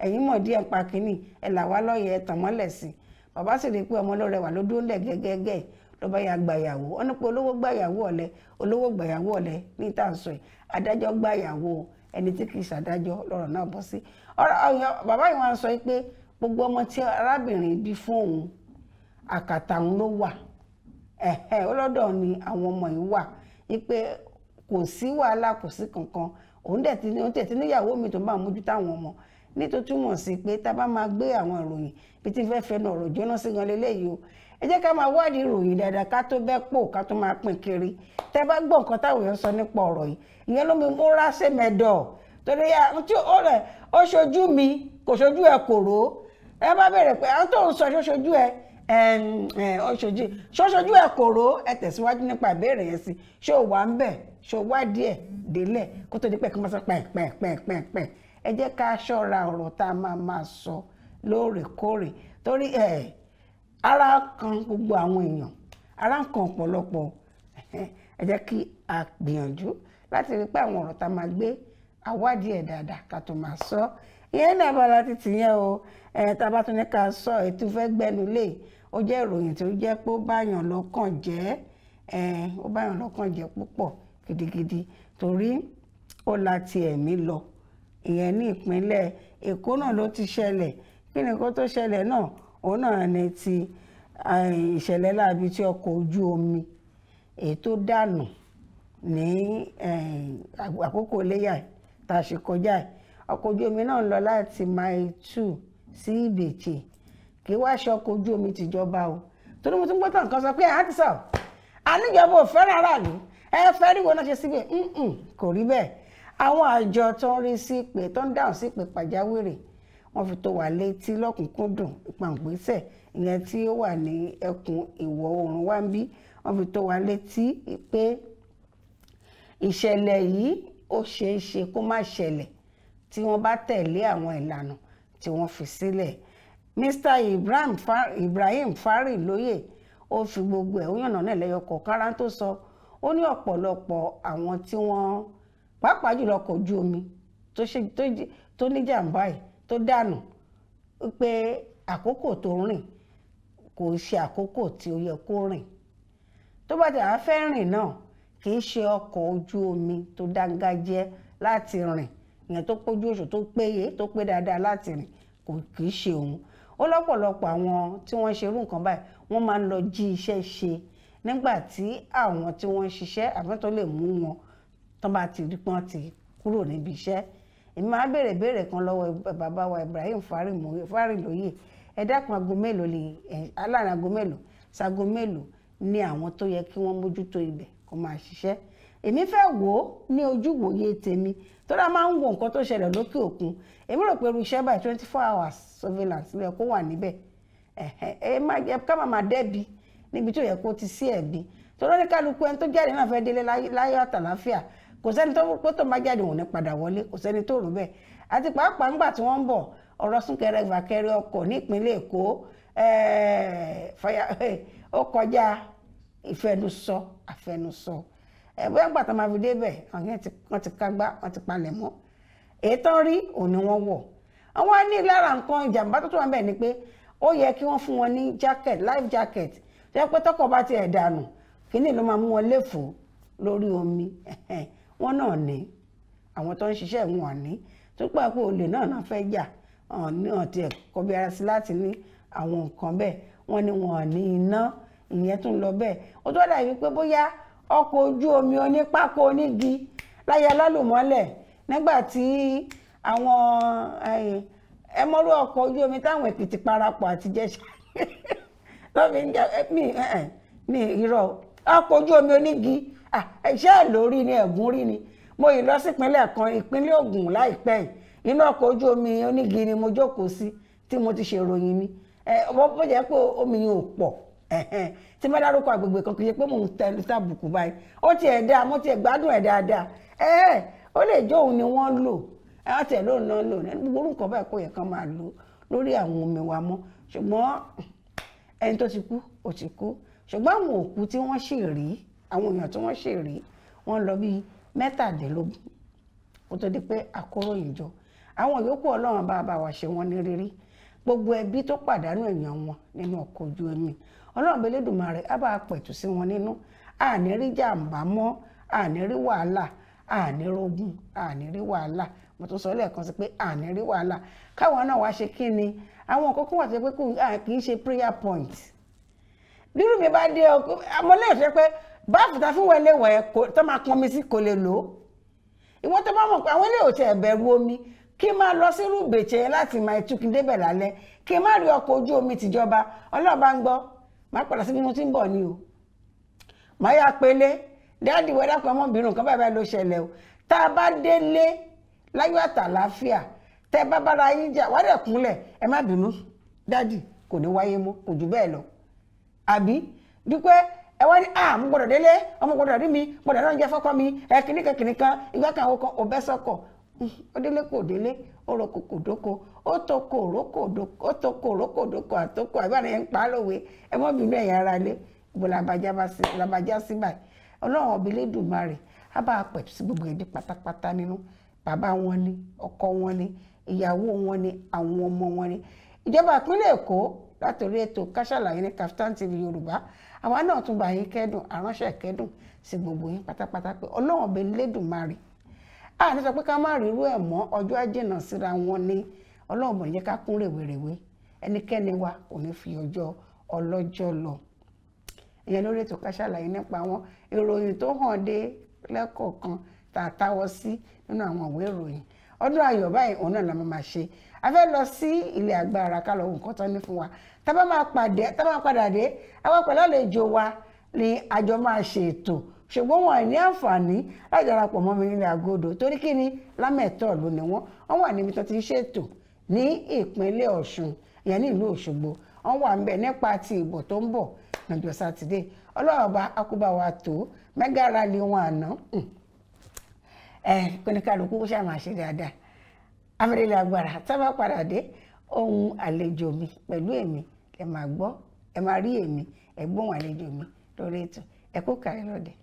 ẹ̀yìn mọ̀ díẹ̀ pa kínní ẹ̀ làwa lọ́yẹ̀ tàn mọ́lẹ̀ sí bàbá sì rí i pé ọmọ ló rẹwà ló dúró lẹ̀ gẹ́gẹ́gẹ́ ló bá yà gbàyàwó wọn ní pé olówó gbàyàwó ọ̀lẹ olówó gbàyàwó ọ̀lẹ ní tá à ń sọ yìí adájọ́ gbàyàwó ẹni tí kìí ṣàdájọ́ lọ́rọ̀ náà bọ́ sí bàbá yìí wọn sọ pé gbogbo ọmọ tí arábìnrin bí fún òun àkàtà òun ló wà ọlọ́dọ̀ ni àwọn ọmọ yìí wà wípé kò sí wàhálà kò sí kankan òun dẹ̀ ti ní òun tẹ̀ ti níyàwó mi tó máa mójú táwọn ọmọ ní tó túmọ̀ sí pé tá a bá máa gbé àwọn ìròyìn bí tí fẹ́ẹ́ fẹnu ọ̀rọ̀ jóná sí gan leléyìí o ẹ jẹ́ ká máa wádìí ìròyìn dáadáa ká tó bẹ́ pò ká tó máa pín kiri tẹ́ bá gbọ́ nǹkan táwọn èèyàn sọ nípa ọ̀rọ̀ yìí ìyẹn ló mi múra sèmẹ̀dọ̀ torí àti ó rẹ̀ ó ṣojú mi kò ṣojú ẹ kò ró ẹ bá bẹ̀rẹ̀ pé àwọn tó ń sọ ṣó ṣojú ẹ ṣojú ṣojú ẹ kò ró ẹ tẹ̀síwájú nípa ìbéèrè yẹn sí ṣó wà ń bẹ̀ ṣó wádìí ẹ̀ délẹ̀ kó tó di pẹ̀ kí wọ́n sọ ara kan gbogbo àwọn èèyàn ara ń kan ọ̀pọ̀lọpọ̀ ẹ jẹ́ kí a gbìyànjú láti rí pé àwọn ọ̀rọ̀ tá a máa gbé àwádìí ẹ̀ dáadáa ká tó máa sọ ìyẹn náà bá láti tìyẹn o ẹ̀ tá a bá tún ní ká sọ ètò fẹ́ gbẹnu lé ó jẹ́ ìròyìn tó jẹ́ pé ó báyàn lọ́kàn jẹ́ ó báyàn lọ́kàn jẹ́ púpọ̀ gidigidi torí ó la ti ẹ̀mí lọ ìyẹn ní ìpínlẹ̀ Èkó náà ló ti ṣẹlẹ̀ kí ni kó tó ṣẹlẹ̀ náà òun náà ni ti ìṣẹ̀lẹ̀ láabi tí ọkọ̀ ojú omi èyí tó dànù ní àkókò iléyà tá a ṣe kọjá ẹ̀ ọkọ̀ ojú omi náà ń lọ láti mile two sí ìbèjì kì í wá ṣe ọkọ̀ ojú omi tìjọba o torí mo tún gbọ́ tán kan sọ pé àǹtí sọ àníjọba ò fẹ́ràn aráàlú ẹ fẹ́ rí wọn náà ṣe síbẹ̀ kò rí bẹ́ẹ̀ àwọn àjọ tó ń rí sí pé tó ń dáhùn sí pé pàjáwìrì wọ́n fi tó wà létí lọ́kùnkúndùn ìpàǹgbésẹ̀ ìyẹn tí ó wà ní ẹkùn ìwọ̀ oòrùn wa ń bí wọ́n fi tó wà létí pé ìṣẹ̀lẹ̀ yìí ó ṣeé ṣe kó má ṣẹlẹ̀ tí wọ́n bá tẹ̀lé àwọn ìlànà tí wọ́n fi sílẹ̀ Mr Ibrahim, Ibrahim Fari lóye ó fi gbogbo ẹ̀ ó yànnà náà lẹ́yọ kọ̀ọ̀kára tó sọ ó ní ọ̀pọ̀lọpọ̀ àwọn tí wọ́n pàápàá jùlọ kò ju omi tó níjàmbá yìí tó dànù pé àkókò tó rìn kò ṣe àkókò tí ó yẹ kó rìn tó bá tẹ̀ wá fẹ́ rìn náà kì í ṣe ọkọ̀ ojú omi tó dángájẹ́ láti rìn ìyẹn tó pójú oṣù tó péye tó pé dáadáa láti rìn kò kì í ṣe òun ó lọ́pọ̀lọpọ̀ àwọn tí wọ́n ṣe irú nǹkan báyìí wọ́n máa ń lọ jí iṣẹ́ ṣe nígbà tí àwọn tí wọ́n ń ṣiṣẹ́ àbí lè mú wọn tó bá ti rí pọ́n ti kúrò níbi iṣẹ́ èmi máa béèrè béèrè kan lọ́wọ́ bàbá wa Ibrahim Farinlóye ẹ dákun aago mélòó lè aláàrin aago mélòó sago mélòó ni àwọn tó yẹ kí wọ́n mójútó ibẹ̀ kó máa ṣiṣẹ́ èmi fẹ́ wò ó ní ojúwòye tèmi tọ́lá máa ń wo nǹkan tó ṣẹlẹ̀ lókè òkun èmi rò pé irú báyìí twenty four hours surveillance ló yẹ kó wà níbẹ̀ ẹ ká máa máa dẹ́bi níbi tó yẹ kó ti sí ẹ̀bi tọ́lá ní kálukú ẹni tó jáde náà fẹ́ délé láyọ̀ àtàláfíà kò sẹ́ni tó kó tó máa jáde wọn ní padà wọlé kò sẹ́ni tó rò bẹ́ẹ̀ àti pàápàá ńgbà tí wọ́n ń bọ̀ ọ̀rọ̀ súnkẹrẹ gbàkẹrẹ ọkọ̀ nípínlẹ̀ Èkó ó kọjá ìfẹnusọ àfẹnusọ bóyá ńgbà tó máa fi débẹ̀ wọ́n ti kágbá wọ́n ti palẹ̀ mọ́ èyí tán rí òun ni wọ́n wọ̀ àwọn á ní lára nǹkan ìjàmbá tó tó wà bẹ́ẹ̀ ni pé ó yẹ kí wọ́n fún wọn ní jacket life jacket tó yẹ pé tọkọ̀ bá ti ẹ̀ dànù kí ni ló máa mú wọn léfòó lórí omi wọ́n náà ní àwọn tó ń ṣiṣẹ́ wọn ní tó pàpò olè náà náà fẹ́ jà hàn tiẹ̀ kọbi ara sí láti ní àwọn nǹkan bẹ́ẹ̀ wọ́n ní wọn ní iná ìyẹn tún lọ bẹ́ẹ̀ ó tó dàbí pé bóyá ọkọ̀ ojú omi onípákó onígi láyé alálùmọ́lẹ̀ nígbà tí àwọn ẹmọ́rú ọkọ̀ ojú omi táwọn èkìtì parapọ̀ àti jẹ́sà lọ́ọ́ fi ń jà mí irọ́ ọkọ̀ ojú omi onígi Ah, ṣé ẹ̀ lórí ni ẹ̀gún rí ni mo yìí lọ sípínlẹ̀ kan ìpínlẹ̀ Ògùn láìpẹ́ yìí inú ọkọ̀ ojú omi onígi ni mo jókòó sí tí mo ti ṣèròyìn mi wọ́n bó jẹ́ pé omi yẹn ò pọ̀ tí mo dárúkọ àgbègbè kan kì í ṣe pé mò ń tẹnu tàbùkù báyìí ó tiẹ̀ dáa mo tiẹ̀ gbádùn ẹ̀ dáadáa ó lè jẹ́ òun ni wọ́n lò àti ẹ̀ ló ń lò ní gbogbo nǹkan báyìí kò yẹ kán máa lò lórí àwọn omi wa mọ́ ṣùgbọ́n ẹni tó ti kú ó ti kú ṣùgbọ́n àwọn òkú tí wọ́n sì rí àwọn èèyàn tí wọ́n ṣe rè wọ́n lọ bíi mẹ́tàdínlógún kó tó di pé àkóròyìn jọ àwọn yòókù ọlọ́run bá bá wa ṣe wọ́n ní rírí gbogbo ẹbí tó pàdánù èèyàn wọn nínú ọkọ̀ ojú omi ọlọ́run belédùmarè á bá pẹ̀tù sí wọn nínú àní rí jàǹbá mọ́ àní rí wàhálà àní rógún àní rí wàhálà mo tún sọ lẹ́ẹ̀kan sí pé àní rí wàhálà káwọn náà wá ṣe kí ni àwọn kókó wà tó pé kì í ṣe prayer point bírú mi bá dé ọkọ amọ̀lẹ́ẹ̀ṣẹ́ pé báàfù tá a fún wọlé wọ̀ ẹ́ tó máa pọnmi sí kò lè lò ó ìwọ tó bá mọ̀ pé àwọn ilé òtí ẹ̀bẹ̀rù omi kí n máa lọ sírú bèjẹ́ láti máa ìtukùn débẹ̀ lálẹ́ kí n má rí ọkọ̀ ojú omi tìjọba ọlọ́ọ̀bá ń gbọ́ máa padà sí bí mo ti ń bọ̀ ni o máa yá pélé dáàdì wẹ́dà kan ọmọbìnrin kan báyìí ló ṣẹlẹ̀ o tá a bá délé láyọ̀ àtàláfíà tẹ́ bá bára yín jà wádẹ̀ kúnlẹ̀ ẹ má bínú dáàdì kò ní wáyé mọ́ kò jù bẹ́ẹ̀ lọ àbí dúpẹ́ ẹ wá ní à mo gbọ́dọ̀ délé ọmọ gbọ́dọ̀ rí mi gbọ́dọ̀ náà jẹ fọkọ mi ẹ kìnnìkan kìnnìkan ìgbà kan àwọn kan ọbẹ sọkọ ó délé kò délé ó rọ kòkò dóko ó tó kòrókò dóko ó tó kòrókò dóko àtókò àbára yẹn ń pa á lòwe ẹ mọ bínú ẹ̀yà ara lé gbọ làbàjá sí báyìí Ọlọ́run ọbí lẹdùnmarè á bá a pẹ sí gbogbo ẹbí pátápátá nínú bàbá wọn ni ọkọ wọn ni ìyàwó wọn ni àwọn ọmọ wọn ni ìjọba ìpínlẹ̀ Èkó látòrí ètò Ká Sálàyé ní Kaftan TV Yorùbá àwa náà tún gbà yín kẹ́dùn àránṣẹ́ kẹ́dùn sí gbogbo yín pátápátá pé ọlọ́run ọbẹ̀ lẹ́dùnmarè a ní sọ pé ká má rírú ẹ̀ mọ́ ọjọ́ àjìnà síra wọn ni ọlọ́run ọbẹ̀ yẹ ká kún rèwerèwe ẹnikẹ́ni wa kò ní fi ọjọ́ ọlọ́jọ́ lọ ìyẹn lórí ètò ká ṣàlàyé nípa àwọn ìròyìn tó hàn dé lẹ́kọ̀ọ̀kan tá a táwọ́ sí nínú àwọn ìwé ìròyìn ọdún ayọ̀ báyìí òun náà la máa ṣe a fẹ́ lọ sí ilé agbára ká lọ wo nǹkan tán ní fún wa tábà máa pàdé tábà máa padà dé àwọn pẹ̀lú àlejò wa ni àjọ máa ṣe ètò ṣùgbọ́n wọn ní àǹfààní láti darapọ̀ mọ́ mi nílé agodo torí kí ni lámẹ̀tọ́ ló ni wọ́n wọ́n wà níbi tó ti ń ṣètò ní ìpínlẹ̀ ọ̀ṣun ìyẹn ní ìlú òṣogbo wọ́n wà ń bẹ̀ nípa ti ìbò tó ń bọ̀ lọ́jọ́ sátidé ọlọ́run ọba akúbá wa tó mẹ́gà rally wọn àná hmm. ẹ̀ kóníkàlùkù ó ṣàmàṣe dáadáa amẹ́rẹ́lẹ́ agbára tábà padà dé ohun mm. àlejò mi pẹ̀lú èmi ẹ máa gbọ́ ẹ máa rí èmi ẹ gbóhùn àlejò mi lórí ètò ẹ kó kàrí lọ́dẹ.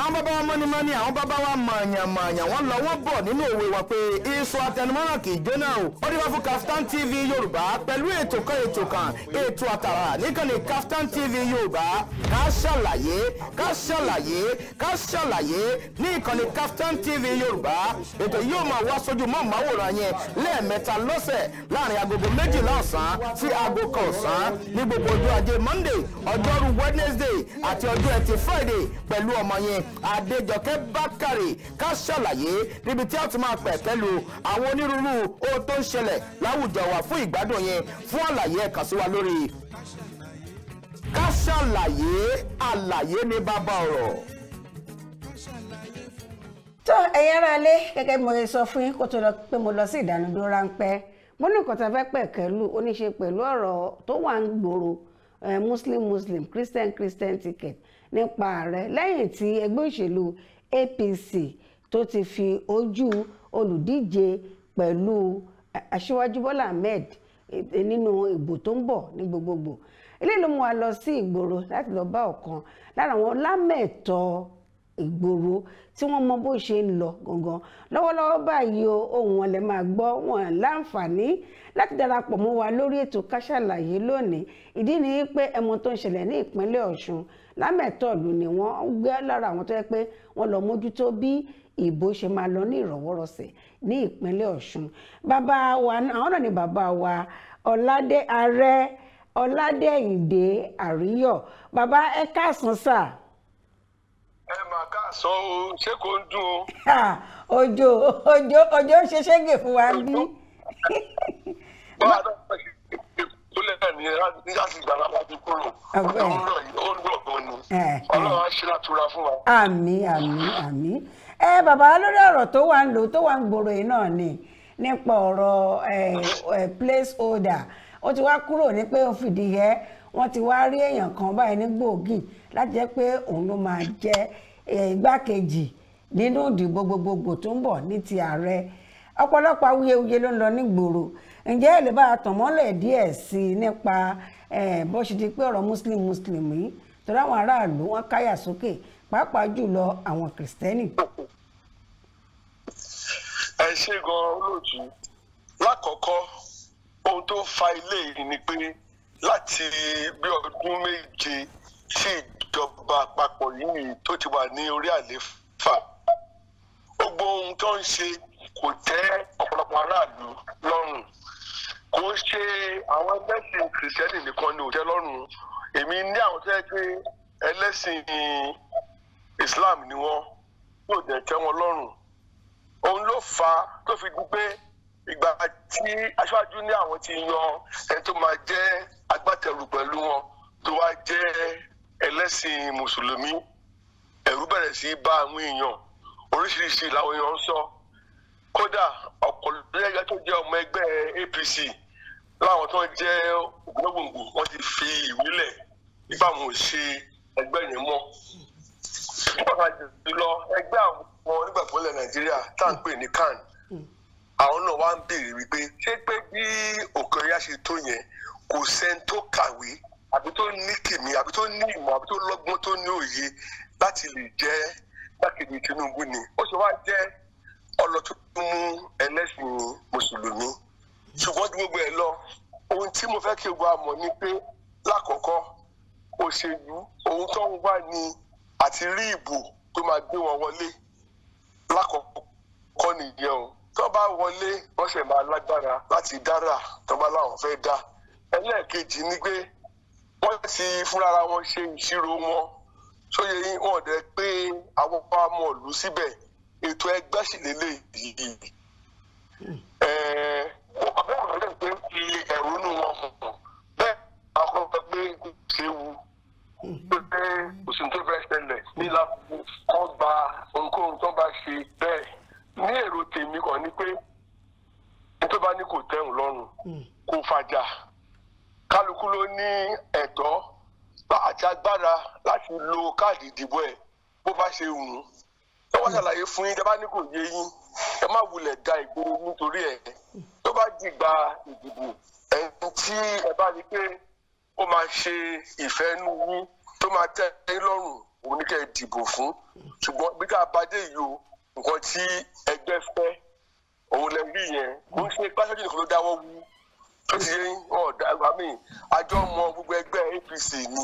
àwọn bàbá wa mọ́nimọ́ni àwọn bàbá wa mànyàmànyà wọ́n lọ wọ́n bọ̀ nínú òwe wa pé iṣu àtẹnumọ́ràn kì í jóná o ó dé wá fún Kaftan TV Yorùbá pẹ̀lú ètò kan ètò kan ètò àtàrà níkànnì Kaftan TV Yorùbá ká ṣàlàyé ká ṣàlàyé ká ṣàlàyé ní ìkànnì Kaftan TV Yorùbá ètò yóò máa wá sójú mọ́ màwòrán yẹn lẹ́ẹ̀mẹ́ta lọ́sẹ̀ láàrin agogo méjìlá ọ̀sán sí aago kan ọ̀sán ní gbogbo ọjọ́ ajé Monday ọjọ́rú Wednesday àti ọjọ́ ẹtì Friday pẹ̀lú ọmọ yẹn Adéjọkẹ́ Bákàrè ká ṣàlàyé níbi tí a ti máa pẹ̀kẹ́ lu àwọn onírúurú ohun tó ń ṣẹlẹ̀ láwùjọ wa fún ìgbádùn yẹn fún àlàyé ẹ kàn sí wa lórí ká ṣàlàyé àlàyé ní bàbá ọ̀rọ̀. tó ẹ̀yin ará ilé gẹ́gẹ́ bí mo ṣe sọ fún yín kó tó lọ pé mo lọ sí ìdánudúró ráńpẹ́ mo ní nǹkan tó fẹ́ pẹ̀kẹ́ lù ó pẹ̀lú ọ̀rọ̀ tó wà ń gbòòrò Eh, muslim muslim christian christian ticket nípa ààrẹ lẹ́yìn tí ẹgbẹ́ òṣèlú apc tó ti fi ojú olùdíje pẹ̀lú eh, aṣíwájú bọ́lá ahmed eh, nínú ìbò tó ń bọ̀ ní gbogbogbò eléyìí ló mú wa lọ sí ìgboro láti lọ bá ọ̀kan lára àwọn lámẹ̀tọ́ ìgboro tí wọ́n mọ bó ṣe ń lọ gangan lọ́wọ́lọ́wọ́ báyìí o ohùn wọn lè máa gbọ́ wọn láǹfààní láti darapọ̀ mọ́ wa lórí ètò Ká Sálàyé lónìí ìdí ni pé ẹmọ tó ń ṣẹlẹ̀ ní ìpínlẹ̀ Ọ̀ṣun lámẹ̀tọ́ọ̀lù ni wọ́n gbé lára àwọn tó yẹ pé wọ́n lọ mójútó bí ìbò ṣe máa lọ ní ìrọ̀wọ́rọ̀sẹ̀ ní ìpínlẹ̀ Ọ̀ṣun bàbá wa àwọn náà ni bàbá wa Ọládé Ààrẹ Ọládéyìndé Àríyọ̀ bàbá ẹ káàsán sáà ẹ máa káàsán o ṣé kò ń dùn o. òjò òjò òjò ń ṣe ṣẹ́gẹ̀ fún wa bí. bá a dá ìpínlẹ̀ ní láti gbàrà láti kúrò ọdún náà ó ń rọ̀ gan ni ẹ bàbá lórí ọ̀rọ̀ tó wà ń lò tó wà ń gbòòrò yìí náà ni nípa ọ̀rọ̀ placeholder ó ti wá kúrò ní pé ó fìdí yẹ wọ́n ti wá rí èèyàn kan báyìí ní gbòógì láti jẹ́ pé òun ló máa jẹ́ igbákejì nínú ìdìbò gbogbogbò tó ń bọ̀ ní ti ààrẹ ọ̀pọ̀lọpọ̀ awuyewuye ló ń lọ nígboro ǹjẹ́ ẹ lè bá a tàn mọ́lẹ̀ díẹ̀ sí i nípa bó ṣe di pé ọ̀rọ̀ muslim muslim yìí torí àwọn aráàlú wọn káyà sókè pàápàá jùlọ àwọn kìrìsìtẹ́nì. ẹ ṣe gan-an olóòtú lákọ̀ọ́kọ́ ohun tó fa ilé yìí ni pé láti bí ọdún méje tí ìjọba àpapọ̀ yìí tó ti wà ní orí àléfà gbogbo ohun tó ń ṣe kò tẹ́ ọ̀pọ̀lọpọ̀ aráàlú lọ́rùn kò ṣe àwọn ẹlẹ́sìn kìrìsìtẹ́nì nìkan ni ò tẹ́ lọ́rùn èmi ní àwọn tó yẹ pé ẹlẹ́sìn Islam ni wọ́n yóò dẹ̀ tẹ́ wọn lọ́rùn òun ló fà tó fi dúpẹ́ ìgbà tí aṣáájú ní àwọn ti yan ẹni tó máa jẹ́ agbátẹrù pẹ̀lú wọn tó wá jẹ́ ẹlẹ́sìn mùsùlùmí ẹ̀rù bẹ̀rẹ̀ sí í bá àwọn èèyàn oríṣiríṣi làwọn èèyàn ń sọ kódà ọ̀pọ̀lọpọ̀ tó jẹ́ ọmọ ẹgbẹ́ APC láwọn tó ń jẹ́ ògbóngbòǹgbò wọ́n ti fi ìwé lẹ̀ nípa àwọn òṣè ẹgbẹ́ yẹn mọ́ nípa kan jùlọ ẹgbẹ́ àwọn onígbàgbọ́ ilẹ̀ Nàìjíríà tá à ń pè ní CAN àwọn náà wá ń béèrè wípé ṣé pé bí Okoya ṣe tó yẹn kò sẹ́ni tó kàwé àbí tó ní kìmí àbí tó ní ìmọ̀ àbí tó lọ́gbọ́n tó ní òye láti lè jẹ́ gbàkejì Tinubu ni ó ṣe wá jẹ́ ọlọ́tún mú ẹlẹ́sìn mùsùlùmí ṣùgbọ́n ju gbogbo ẹ̀ lọ ohun tí mo fẹ́ kí o gbà mọ̀ ni pé lákọ̀ọ́kọ́ òṣèlú ohun tó ń wá ni àti rí ìbò tó máa gbé wọn wọlé lákọ̀ọ́kọ́ nìyẹn o tó bá wọlé bọ́sẹ̀ máa lágbára láti dára tó bá láwọn fẹ́ dá ẹlẹ́ẹ̀kejì ni pé wọ́n ti fúnra wọn ṣe ìṣirò wọn sóye yín wọn dẹ̀ pé àwọn ọmọ ìlú síbẹ̀ ètò ẹgbẹ́ sì lélẹ̀ yìí ọ̀bẹ́ wọn lè pé fi ẹ̀rọnú wọn mọ̀ bẹ́ẹ̀ àkọ́kọ́ pé kò séwu pé kò sí ní tó ṣẹlẹ̀ nílà kan gba ohunkóhun tó bá ṣe bẹ́ẹ̀ ní èrò tèmi kàn ni pé ní tó bá ní kò tẹ́hùn lọ́rùn hmm. kò fàjà kálukú ló ní ẹ̀tọ́ àti agbára láti lo káàdì ìdìbò ẹ̀ bó bá ṣe wù ú ẹ wá ṣàlàyé fún yín dábàá ní kò yé yín ẹ má wulẹ̀ da ìgboro nítorí ẹ̀ tó bá dìgbà ìdìbò ẹ̀ tí ẹ bá rí pé ó máa ṣe ìfẹ́ nú yín tó máa tẹ́ ẹ lọ́rùn òun ní kẹ́ ẹ dìbò fún ṣùgbọ́n bí ká bá dé yìí o nǹkan tí ẹgbẹ́ fẹ́ òun lẹ rí yẹn mo ń ṣe pásítọ̀ nìkan ló dáwọ́ wú tó ti yẹ ọ̀dà àmì àjọ ọmọ gbogbo ẹgbẹ́ APC ni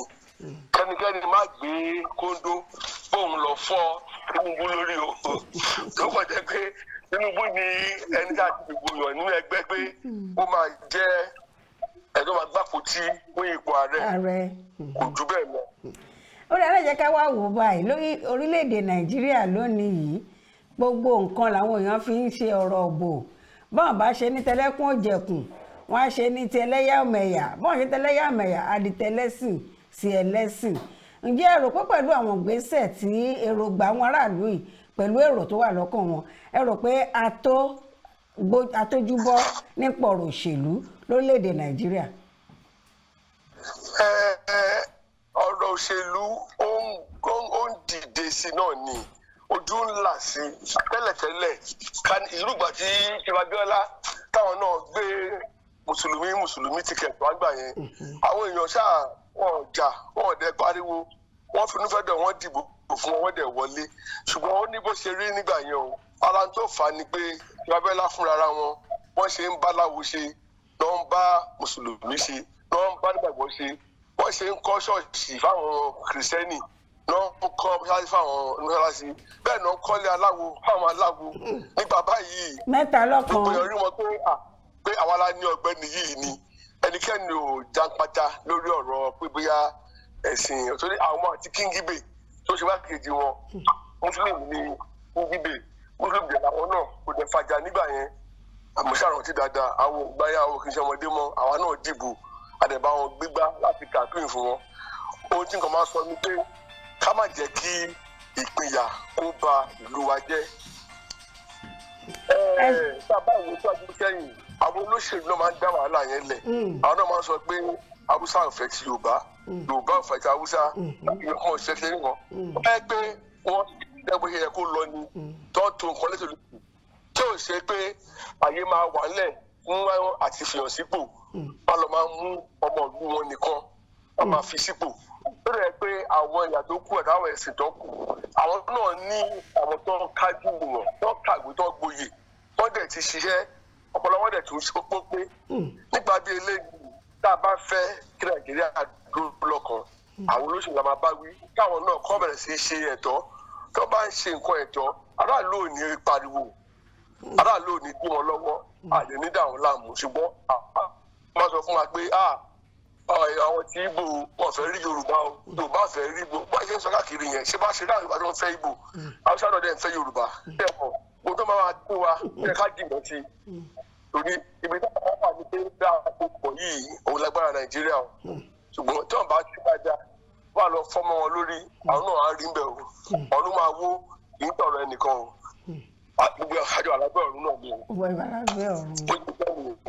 kẹ́nikẹ́ni má gbé kóńdó bóun lọ fọ́ Tinubu lórí o tó kàn jẹ́ pé Tinubu ni ẹni tí a ti dìbò yàn nínú ẹgbẹ́ pé ó máa jẹ́ ẹjọ́ máa gbàpò tí fún ipò ààrẹ kò jù bẹ́ẹ̀ lọ. ó rẹ̀ ẹ́ wá wò báyìí lórí orílẹ̀-èdè Nàìjíríà lónìí yìí gbogbo nǹkan làwọn èèyàn fi ń ṣe ọ̀rọ̀ ọ̀bò bọ́n bá ṣe ní tẹlẹ́kùn òjẹ̀kùn wọ́n á ṣe ní ti ẹlẹ́yàmẹ̀yà bọ́n ṣe tẹlẹ́yàmẹ̀yà àdìtẹlẹ́sìn sí ẹlẹ́sìn ǹjẹ́ ẹ rò pé pẹ̀lú àwọn ìgbésẹ̀ tí èròǹgbà àwọn aráàlú yìí pẹ̀lú èrò tó wà lọ́kàn wọn ẹ rò pé atójúbọ́ nípa ọ̀rọ̀ òṣèlú lórílẹ̀‐èdè nàìjíríà. ọ̀rọ̀ òṣèlú ó ń dìde sí náà ni ojú ńlá sí tẹ́lẹ̀tẹ́lẹ̀ irúgbà tí ìfabiola táwọn náà gbé mùsùlùmí mùsùlùmí tíkẹ̀tì wá gbà yẹn mhm. àwọn èèyàn ṣáà wọn jà wọn dẹ pariwo wọn finúfẹ́dọ̀ wọn dìbò fún wọn dẹ wọlé ṣùgbọ́n ó ní bó ṣe rí nígbà yẹn o ara tó fà á ni pé ìfabiola fúnra wọn wọ́n ṣe ń báláwo ṣe lọ́ ń bá mùsùlùmí ṣe lọ́ ń bá nígbàgbọ́ ṣe wọ́n ṣe ń kọ́ ṣọ́ọ̀ṣì fáwọn kìrìsẹ́nì náà ń kọ́ mọ́ṣáláṣí fáwọn mọ́ṣáláṣí bẹ́ẹ̀ náà ń kọ́lé aláwo fáwọn aláwo ní bàbá mẹ́ta lọ́kàn gbogbo yẹn wọn pé pé àwa la ní ọ̀gbẹ́ni yìí ni ẹnikẹ́ni ò jápátá lórí ọ̀rọ̀ pé bóyá ẹ̀sìn ọ̀tọ́lé àwọn àti kíngibè tó ṣe wákìtì wọn mùsùlùmí ni kíngibè mùsùlùmí làwọn náà kò dẹ̀ fàjà nígbà yẹn àmúṣàrán ti dáadáa àwọn ògbáyà àwọn kìí ṣe mọ àwa náà dìbò àdẹ̀bá gbígbá láti kàkíyìn fún wọn ohun tí nǹkan máa sọ ni pé kama má jẹ́ kí ìpínyà kó ba ìlú wa jẹ́. bàbá ìwé tọ́jú sẹ́yìn àwọn olóṣèlú náà máa ń dá wàhálà yẹn lẹ̀ hmm. àwọn náà máa ń sọ pé haúsá ò ti yorùbá hmm. yorùbá ti haúsá hmm. ọmọ ṣe ń wọn. pé wọn kó lọ ni tó tó nǹkan tí ò ṣe pé àyè máa wà ó rẹ̀ pé àwọn ìyà tó kù àtàwọn ẹ̀sìn tó kù àwọn náà ní àwọn tó ń kájú wọn tó kàwé tó gboyè wọ́n dẹ̀ ti ṣiṣẹ́ ọ̀pọ̀lọpọ̀ dẹ̀ tó ń ṣe pópé hmm. nípa bí eléyìí tá a bá fẹ́ kí nàìjíríà dúró lọ́kàn hmm. àwọn olóṣèlú la máa bá wí káwọn náà kọ́ bẹ̀rẹ̀ sí í ṣe ẹ̀tọ́ tó bá ń ṣe nǹkan ẹ̀tọ́ aráàlú ò ní pariwo hmm. aráàlú ò ní gbé wọn lọ́wọ́ àdénídà wọn láàmú ṣùgbọ́n àwọn máa sọ fún wa pé ah, àwọn tí ibo wọn fẹ́ rí yorùbá o yorùbá fẹ́ rí ibo bá ṣe ń sọ káàkiri yẹn ṣé bá ṣe rí àyùbá tó ń fẹ́ ibo haúsá náà dẹ̀ ń fẹ́ yorùbá bẹ́ẹ̀ kọ́ gbogbo tó máa tó wa hmm. ẹ ká dìbò sí i torí ibi tó kọ́ wà ní pé dá àkókò yìí òun lágbára nàìjíríà o hmm. ṣùgbọ́n tí wọ́n bá tún bá já wà lọ fọ́mọ wọn lórí hmm. àwọn náà á rí ń bẹ̀ o ọdún máa wó kì í tọ̀rọ̀ ẹnìkan o gbogbo àjọ alábẹ́ ọ̀run náà ni o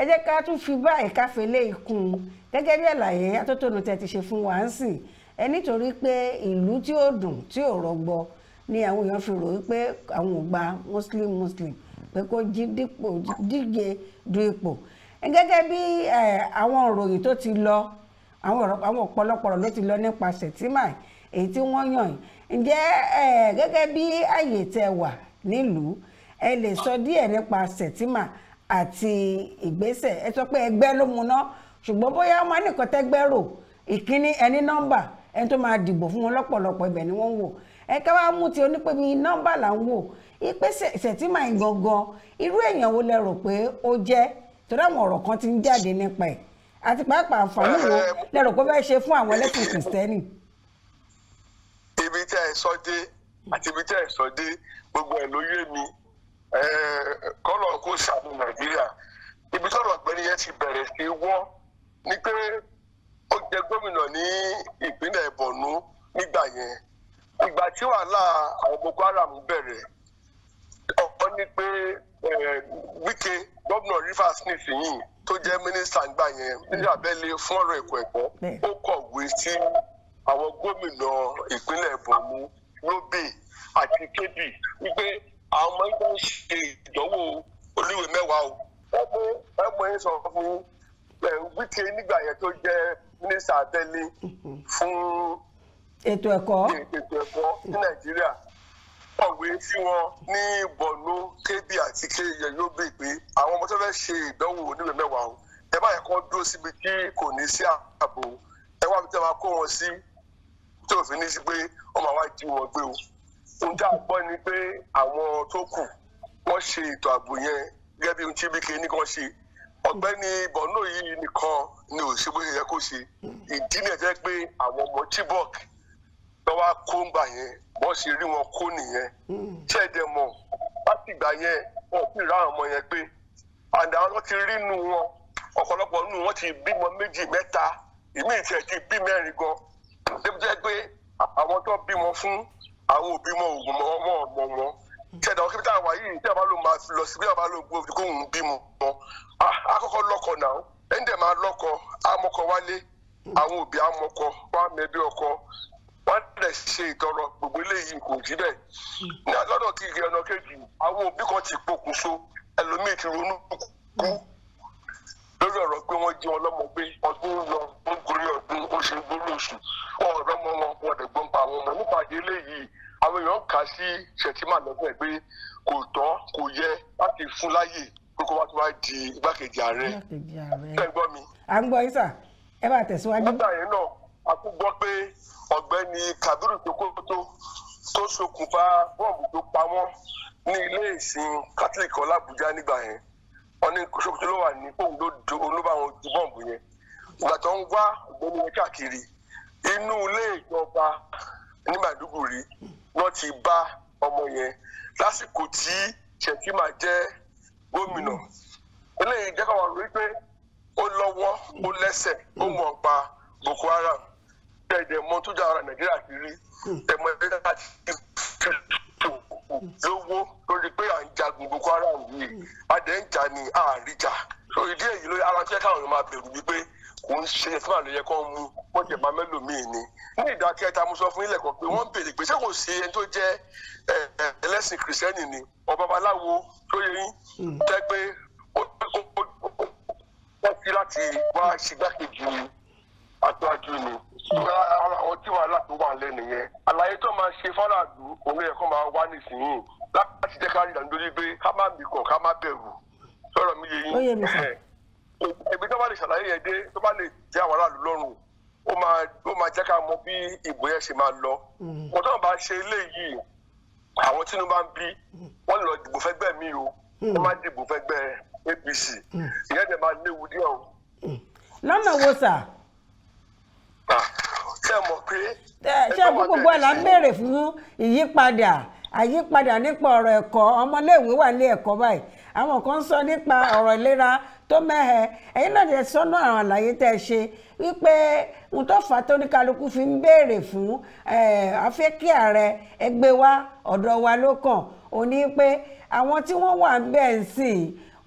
ẹ jẹ́ ká tún fi báyìí ká fẹlẹ́ ikùn gẹ́gẹ́ bí àlàyé atótónu tẹ́ ti ṣe fún wa ń sìn ẹ nítorí pé ìlú tí ó dùn tí ò rọgbọ ni àwọn èèyàn fi rò wípé àwọn ò gba muslim muslim pé kó jí dípò díje du ipò gẹ́gẹ́ bí àwọn ìròyìn tó ti lọ àwọn ọ̀pọ̀lọpọ̀ ló ti lọ nípa Shettima èyí tí wọ́n yàn yìí ǹjẹ́ gẹ́gẹ́ bí àyè tẹ wà nílùú ẹ lè sọ díẹ̀ nípa Shettima àti ìgbésẹ̀ ẹ sọ pé ẹgbẹ́ ló mu ná ṣùgbọ́n bóyá wọn á nìkan tẹ́gbẹ́ rò ìkíní ẹni nọ́mbà ẹni tó máa dìbò fún wọn lọ́pọ̀lọpọ̀ ibẹ̀ ni wọ́n ń wò ẹ ká wá mú ti onípẹ̀mí nọ́mbà là ń wò ipe ṣètìmá ìgangan irú èèyàn wo lẹ rò pé ó jẹ́ torí àwọn ọ̀rọ̀ kan ti ń jáde nípa ẹ̀ àti pàápàá àǹfààní wo eh, eh, lẹ rò pé bẹ́ẹ̀ ṣe fún àwọn ẹlẹ́sìn kìrìsìtẹ́nì. ibi tí ẹ sọ dé àti ibi tí ẹ sọ dé gbogbo ẹ ló yé mi kọlọ kó ṣàánú nigeria ibi tọ́rọ̀ ọ̀gbẹ́ni yẹn ti bẹrẹ sí wọ ni pé ó jẹ gómìnà ní ìpínlẹ̀ Borno nígbà yẹn ìgbà tí wàhálà àwọn Boko Haram bẹ̀rẹ̀ ọ̀pọ̀ ni pé Wike gómìnà Rivers nísìnyí tó jẹ́ mínísítà yẹn nígbà fún ó sí àwọn gómìnà Kebbi wípé àwọn ọmọ yìí ń ṣe ìdánwò oníwèé mẹ́wàá o ẹgbẹ́ ẹgbẹ́ yìí sọ fún Wike nígbà yẹn tó jẹ́ mínísítà tẹ́lẹ̀ fún ètò ẹ̀kọ́ ètò ẹ̀kọ́ ní Nàìjíríà kọ̀wé sí wọn ní Borno Kebbi àti Yobe pé àwọn ọmọ tó fẹ́ ṣe ìdánwò oníwèé mẹ́wàá o ẹ bá yẹ kó dúró síbi tí kò ní sí ààbò ẹ wá fi tẹ́ máa kó wọn sí tí òfin ní sí pé ọmọ àwa jí wọn gbé o ohun tá a gbọ́ ni pé àwọn tó kù wọ́n ṣe ètò ààbò yẹn gẹ́gẹ́ bí ohun tí bíkẹ́ ní kan ṣe ọ̀gbẹ́ni bọ̀nú yìí nìkan ni ò ṣe bó ṣe yẹ kó ṣe ìdí nìyẹn jẹ́ pé àwọn ọmọ Chibok lọ́wọ́ kó ń gbà yẹn wọ́n ṣe rí wọn kó nìyẹn ṣẹ̀dẹ̀ mọ̀ láti ìgbà yẹn wọn fi ra àwọn ọmọ yẹn pé àdá wọn ti rí nu wọn ọ̀pọ̀lọpọ̀ nínú wọn ti bímọ méjì mẹ́ta ìmí ìtẹ̀ ti bí mẹ́rin gan débìtẹ́ pé àwọn tó bímọ fún àwọn òbí mọ oògùn mọ ọmọ ọmọ wọn tẹ̀dá ọkẹ́ tá a wà yìí tí a bá lò máa lọ sí bí a bá lò gbó kó ń bímọ wọn àkọ́kọ́ lọ́kọ náà ẹni dẹ̀ máa lọ́kọ amọ́kọ wálé àwọn òbí amọ́kọ wá mẹ́bí ọkọ wá dẹ̀ ṣe ìtọrọ gbogbo eléyìí kò jí bẹ́ẹ̀ ní alọ́dọ̀ kiri ọ̀nà kejì àwọn òbí kan ti pokùnso ẹlòmíì ti ronú kú lórí ọ̀rọ̀ pé wọ́n jí wọn lọ́mọ gbé ọdún lọ ń gorí ọdún ó ṣe gorí oṣù wọn ọ̀rọ̀ mọ wọn wọn dẹ̀ gbọ́n pa àwọn ọmọ nípa àdélé yìí àwọn èèyàn kà sí ṣètìmá lọ́gbọ̀n pé kò tọ́ kò yẹ láti fún láyè pé kó wá tó wá di igbákejì ààrẹ ẹ gbọ́ mi. à ń gbọ́ yín sà ẹ bá tẹ̀síwájú. nígbà yẹn náà a tún gbọ́ pé ọ̀gbẹ́ni Kabiru Sokoto tó ṣokùnfà bọ́ọ̀mù tó pa wọ́n ọní Sókótó ló wà ní òun ló do òun ló bá wọn ju bọ́ǹbù yẹn ìgbà tó ń wá ògbóni yẹn káàkiri inú ilé ìjọba ní Maiduguri wọn ti bá ọmọ yẹn lásìkò tí Shettima jẹ́ gómìnà eléyìí jẹ́ káwọn rí pé ó lọ́wọ́ ó lẹ́sẹ̀ ó mọ̀ pa Boko Haram tẹ̀dẹ̀ mọ́ tó jà ara Nàìjíríà ti tẹ̀mọ́ ẹ̀dẹ́ láti fi lówó lórí pé à ń ja gbogbo Kwara yìí adé ń jà ní àríjà so ìdí èyí ló ara tí káwọn máa bẹ̀rù wípé kò ń ṣe fún àlọyẹ kan mú wọn jẹ máa mẹlòmíì ni ní ìdákẹ́ta mo sọ fún ilẹ̀ kan pé wọ́n ń béèrè pé ṣé kò sí ẹni tó jẹ́ ẹlẹ́sìn kìrìsìtẹ́nì ni ọba babaláwo tó yẹ yín jẹ́ hmm. pé ó wọ́n ti láti wá ṣègbàkejì àtúwájú ni hmm. àwọn tí ṣe fọ́làdù òun yẹ kó máa wá nísìnyí láti jẹ́ ká rí ìdánilójú pé ká má bìkọ̀ ká má bẹ̀rù sọ̀rọ̀ mi yẹ yín ẹgbẹ́ tó bá lè ṣàlàyé yẹn dé tó bá lè jẹ́ àwọn aráàlú lọ́rùn ó máa ó máa jẹ́ ká mọ bí ìbò yẹn ṣe máa lọ wọn mm-hmm. tó bá ṣe eléyìí àwọn Tinubu ń bí mm-hmm. wọn lọ dìbò fẹ́gbẹ́ mi o wọn má mm-hmm. dìbò fẹ́gbẹ́ APC ìyẹn dẹ̀ máa léwu díẹ̀ o. lọ́nà wo sà. Ah ṣe mọ̀ pé. ṣé gbogbo ẹ̀ la ń béèrè fún ìyípadà àyípadà nípa ọ̀rọ̀ ẹ̀kọ́ ọmọléèwé wà ní ẹ̀kọ́ báyìí àwọn kan ń sọ nípa ọ̀rọ̀ ìlera tó mẹ́hẹ ẹ̀yin náà lè sọ́nà àwọn àlàyé tẹ́ ẹ ṣe wípé ohun tó fà á tó ní kálukú fi ń béèrè fún afẹ́kí ààrẹ ẹgbẹ́ wa ọ̀dọ̀ wa ló kàn ó ní pé àwọn tí wọ́n wà ń bẹ̀ ń sìn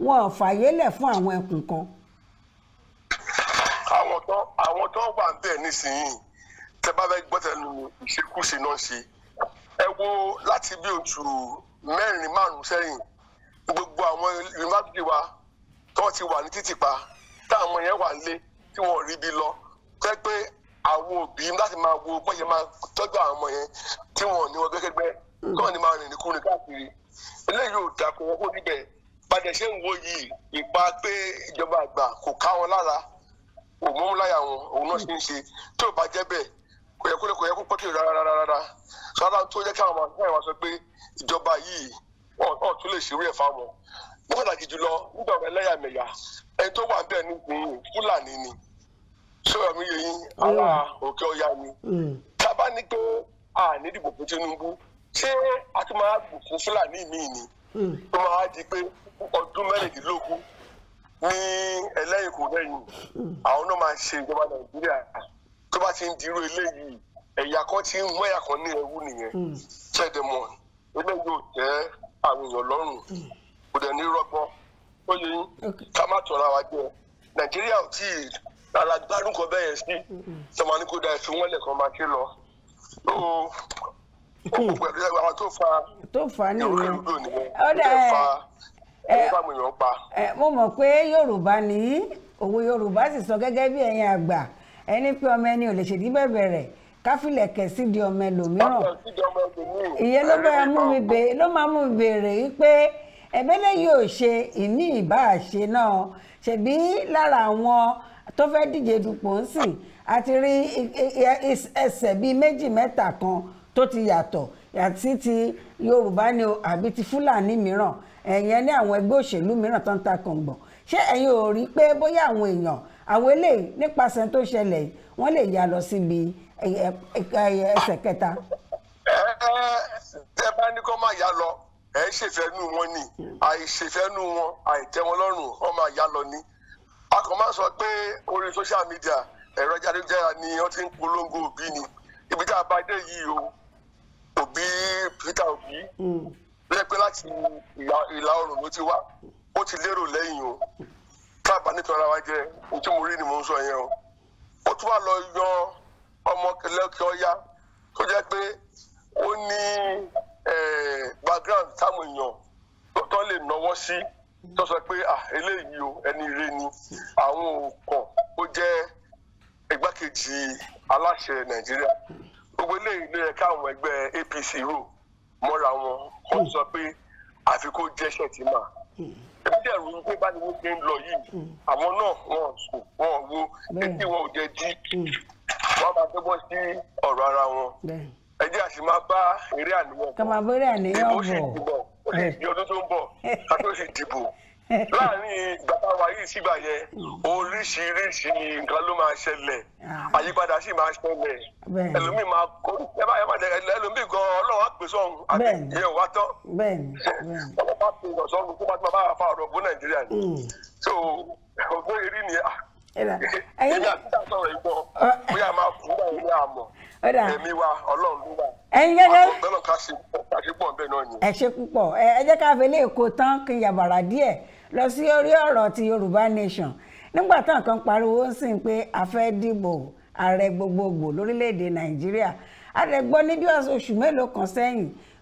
wọn ò fàyè lẹ̀ fún àwọn ẹkùn kan. àwọn tó wà ń bẹ̀ nísìnyí tẹ bá fẹ́ gbọ́ tẹnu ìṣekúṣe náà ṣe ẹ wo láti bí oṣù mẹ́rin márùn-ún sẹ́yìn gbogbo àwọn yunifásitì wa tó ti wà ní títì pa táwọn yẹn wà lé tí wọn rí bí lọ tẹ pé àwọn òbí láti máa wo bó ṣe máa tọ́jú àwọn ọmọ yẹn tí wọn ní wọn gbẹ́gbẹ́gbẹ́ tí ní máa rìn níkú káàkiri eléyìí ò dà kó níbẹ̀ bàdẹ ṣe ń wo yìí ipa pé ìjọba àgbà kò ká wọn lára òmùmúláyà wọn òun náà ṣe ń ṣe tí ò bá jẹ́ bẹ́ẹ̀ kò yẹ kó lè kò yẹ kó pọ́kì rárá rárá so ara tó yẹ káwọn máa káwọn máa sọ pé ìjọba yìí wọn tún lè ṣerú ẹ̀ fáwọn ní pàtàkì jùlọ nígbà wọn ẹlẹ́yàmẹ̀yà ẹni tó wà bẹ́ẹ̀ ní ìpín fúlàní ni sọ̀rọ̀ mi yẹ yín mm. ara òkè ọ̀yà ni mm. tá a ní pé a ní ìdìbò fún Tinubu ṣé a tún máa gbò fún fúlàní míì ni tó mm. máa di pé ọdún mẹ́rìndínlógún ní ẹlẹ́yìn kò lẹ́yìn àwọn náà máa ṣe ìjọba Nàìjíríà tó bá ti ń dirú eléyìí ẹ̀yà kan ti ń mọ́ ẹ̀yà kan ní ẹrú nìyẹn hmm. ṣẹ̀dẹ̀mọ̀ eléyìí ò tẹ́ àwọn èèyàn lọ́rùn hmm. kò dẹ̀ ní rọgbọ́n ó yẹ ká má tọ́ra wa jẹ nàìjíríà ò tí ì rárá gbádùn kan bẹ́ẹ̀ sí sọmọ hmm. ní kó da ẹ̀fín wọ́n lẹ̀kan máa ṣe lọ ó pẹ̀lú tó fa ìròyìn ó dẹ̀ fa mo mọ̀ pé yorùbá ní òwe yorùbá sì sọ gẹ́gẹ́ bí ẹ̀yin àgbà ẹni pé ọmọ ẹni ò lè ṣèdí bẹ̀bẹ̀ rẹ̀ káfílẹ̀kẹ̀ sídi ọmọ ẹlòmíràn ìyẹn ló bẹ̀rẹ̀ mú mi bè ló máa mú mi béèrè pé ẹ̀bẹ́lẹ̀ yóò ṣe ìní ìbáṣe náà ṣebí lára àwọn tó fẹ́ díje dupò ń sìn àti rí ẹsẹ̀ bíi méjì mẹ́ta kan tó ti yàtọ̀ àti ti Yorùbá ni o àbí ti Fúlàní mìíràn ẹ̀yẹn ní àwọn ẹgbẹ́ òṣèlú mìíràn tó ń ta kàngbọ̀n ṣé ẹ̀yin ò rí pé bóyá àwọn èèyàn àwọn eléyìí nípasẹ̀ tó ṣẹlẹ̀ yìí wọ́n lè yà lọ síbi ẹsẹ̀ kẹta. ẹ bá ní kó máa yá lọ ẹ ṣèfẹ́nu wọn ni àìṣèfẹ́nu wọn àìtẹ́wọn lọ́rùn wọn máa yá lọ ni a kò máa sọ pé orí social media ẹ̀rọ jáde-jáde ni wọ́n ti ń polongo òbí ni ibi tá a bá dé yìí o òbí Peter Obi lẹ́pẹ́ láti ìlà oòrùn ló ti wá ó ti lérò lẹ́yìn o má bà nítorí ara wa jẹ ojú mo rí ni mo ń sọ yẹn o ó tún wà lọ yọ ọmọ lẹ́kẹ́ ọ̀yá tó jẹ́ pé ó ní background táwọn èèyàn tó lè nọwọ́ sí tó sọ pé eléyìí o ẹni rí ni àwọn òkàn ó jẹ́ igbákejì aláṣẹ nàìjíríà gbogbo eléyìí ló yẹ káwọn ẹgbẹ́ APC rò mọ́ra wọn kó sọ pé àfikún jẹ́ṣẹ̀ tí dẹ̀rù ń kó bá ní wọ́n ti ń lọ yìí hmm. àwọn náà wọn sùn wọn wo etí wọn ò jẹ jí hmm. wọn máa dẹ́gbọ́n sí ọ̀rọ̀ ara wọn ẹ jẹ́ àti máa bá eré àníyàn bọ̀ ìbò sì dìbò ọdún tó ń bọ̀ sì dìbò láàrin bàbá wa yìí sígbà yẹn oríṣiríṣi nǹkan ló máa ṣẹlẹ̀ ah. àyípadà sì máa ṣẹlẹ̀ ẹlòmíì máa kó ẹ bá yẹ máa dẹrẹ ẹlòmíì gan ọlọ́wọ́ pè sọ́hún àti ìyẹn ò wá tán ọlọ́wọ́ pè sọ́hún kó bá tí bàbá wa fa ọ̀rọ̀ bó nàìjíríà ni hmm. so ògbó eré ni ah. à ẹ̀yin gẹ́gẹ́ ẹ ṣe púpọ̀ ẹ jẹ́ ká fi lè kó tán kí n yàbàrà díẹ̀ lọ sí orí ọ̀rọ̀ ti Yorùbá Nation nígbà tán kan pariwo ó sì ń pé a fẹ́ dìbò ààrẹ gbogbogbò lórílẹ̀‐èdè Nàìjíríà a lè gbọ́ ní bí oṣù mélòó kan sẹ́yìn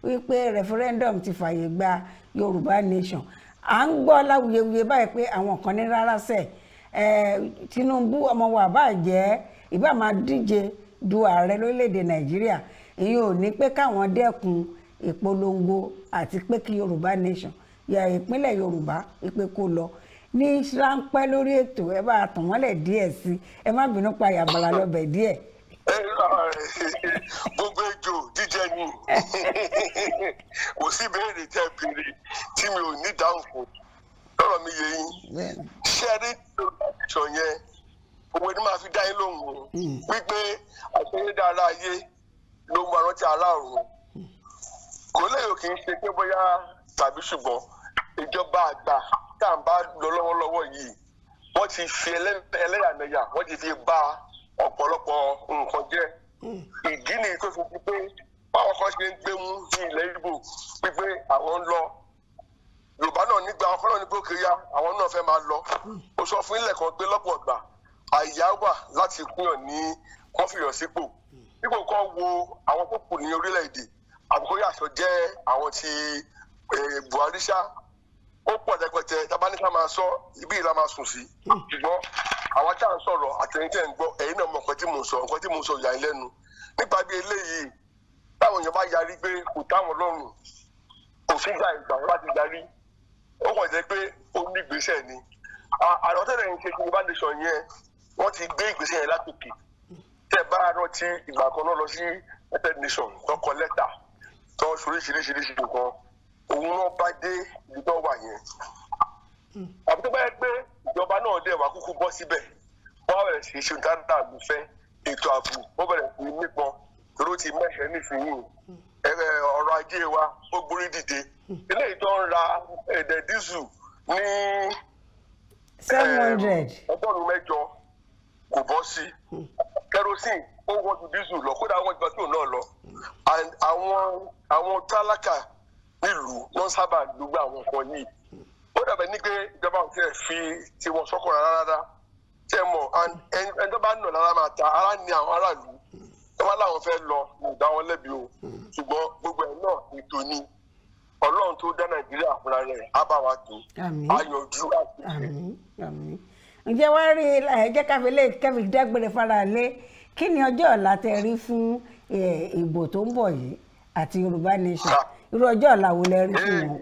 wípé referendum ti fàyè gba Yorùbá Nation à ń gbọ́ láwuyewuye báyìí pé àwọn kan ní rárá sẹ̀ Tinubu ọmọ wa bá jẹ́ ìbá máa díje du ààrẹ lórílẹ̀‐èdè Nàìjíríà ìyẹn ò ní pé káwọn dẹ́kun ìpolongo àti pé kí Yorùbá Nation ìpínlẹ̀ Yorùbá ìpè kó lọ ní ráńpẹ́ lórí ètò ẹ bá tàn mọ́lẹ̀ díẹ̀ sí ẹ má bínú pa yàbàrà lọ́bẹ̀ díẹ̀. gbogbo ejò jíjẹ ni kò sí ìbéèrè tẹ béèrè tí mi ò ní dáhùn fún lọ́rọ̀ mi yé yín ṣẹ́rí tó sọ yẹn òwe ni màá fi dá yín lóhùn o hmm. wípé àṣeyédá ara ayé ló mú arántí ara ọ̀run kò léyò kì í ṣe pé bóyá tàbí ṣùgbọ́n ìjọba àgbà tá à ń bá lọ lọ́wọ́lọ́wọ́ yìí wọ́n ti fi ẹlẹ́yàmẹ̀yà wọ́n ti fi bà ọ̀pọ̀lọpọ̀ nǹkan jẹ́ ìdí nìyí tó fi pé báwọn kan ṣe ń gbé mú ní ilẹ̀ Ìgbò pípé àwọn ń lọ Yorùbá náà nígbà àwọn fọlọ́ ní gbókèyà àwọn náà fẹ́ máa lọ ó sọ fún ilẹ̀ kan pé lọ́pọ̀ ọ̀gbà àyà wà láti kúnyàn ní kọ́fìyàn sípò dípò kan wo àwọn púpù ní orílẹ̀-èdè àbíkóyà jẹ́ àwọn ti eh, Buhari ṣáá ó pọ̀ jẹgbẹtẹ tabaníkà máa sọ ibi ìlà máa sùn sí ṣùgbọ́n àwa tá à ń sọ̀rọ̀ àtẹnitẹ́ ń gbọ́ ẹ̀yin náà mọ nǹkan tí mò ń sọ nǹkan tí mò ń sọ yà ń lẹ́nu nípa bí eléyìí táwọn èèyàn bá yarí pé kò táwọn lọ́rùn kò sí gbà ìgbà wọn láti yarí ó kàn jẹ́ pé ó ní ìgbésẹ̀ ni àlọ́ tẹ̀lé ń ṣe kí wọ́n bá lè sọ yẹn wọ́n ti gbé ìgbésẹ̀ yẹn látòkè tẹ̀ bá rántí ìgbà kan náà lọ òun náà bá dé ibi wà yẹn àbí bá yẹ pé ìjọba náà dẹ̀ wá kúkú bọ́ síbẹ̀ wọ́n á bẹ̀rẹ̀ sí ṣe dáadáa àgùnfẹ́ ètò ààbò wọ́n bẹ̀rẹ̀ sí nípọn tóró ti mẹ́sẹ̀ nísìnyìí ọrọ̀ ajé wa ó gbórí dìde eléyìí tó ń ra ẹ̀dẹ̀ dísù ní ọgọ́rùn-ún mẹ́jọ kò bọ́ sí kerosene ó wọ́n ju dísù lọ kódà wọ́n ju bàtúù náà lọ àwọn tálákà nílùú wọ́n sábà gbogbo àwọn nǹkan yìí ó dàbẹ̀ ní pé ìjọba ò tiẹ̀ fi tiwọn sọ́kàn rárá rárá tí ẹ mọ̀ ẹni tó bá nà lára máa ta ara ni àwọn aráàlú tó bá láwọn fẹ́ lọ kò dá wọn lẹ́bi o ṣùgbọ́n gbogbo ẹ̀ náà ètò ni ọlọ́run tó dá nàìjíríà fúnra rẹ̀ á bá wa tó ayọ̀jú àti ìṣẹ́ ǹjẹ́ wá rí ẹ̀jẹ̀ káfílẹ̀ kẹ́mi dágbére fara lé kí ni ọjọ́ ọ̀la tẹ rí fún ìbò tó ń bọ̀ yìí àti yorùbá nation irú ọjọ́ ọ̀la wo lẹ rí fún wọn.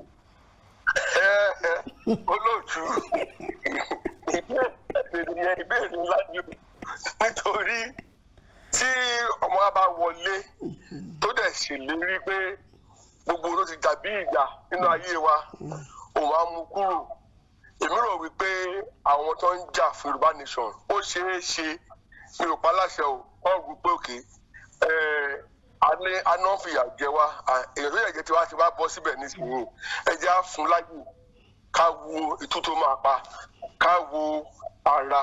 Eh, eh, olóòtú ìbéèrè ìbéèrè lájú nítorí tí ọmọ wa bá wọlé tó dẹ̀ ṣèlérí pé gbogbo ló ti dàbí ìgbà nínú ayé wa òun á mú kúrò èmi rò wípé àwọn tó ń jà fún Yorùbá nation ó ṣeé ṣe mi ò pa láṣẹ o wọn pé òkè eh, a ní anáfìyà jẹ wá èrò ẹ̀jẹ̀ tí wàá ti wá bọ́ síbẹ̀ nísìnyí ẹ̀jẹ̀ á fún láyè ká wo ìtú máa pa ká wo ara.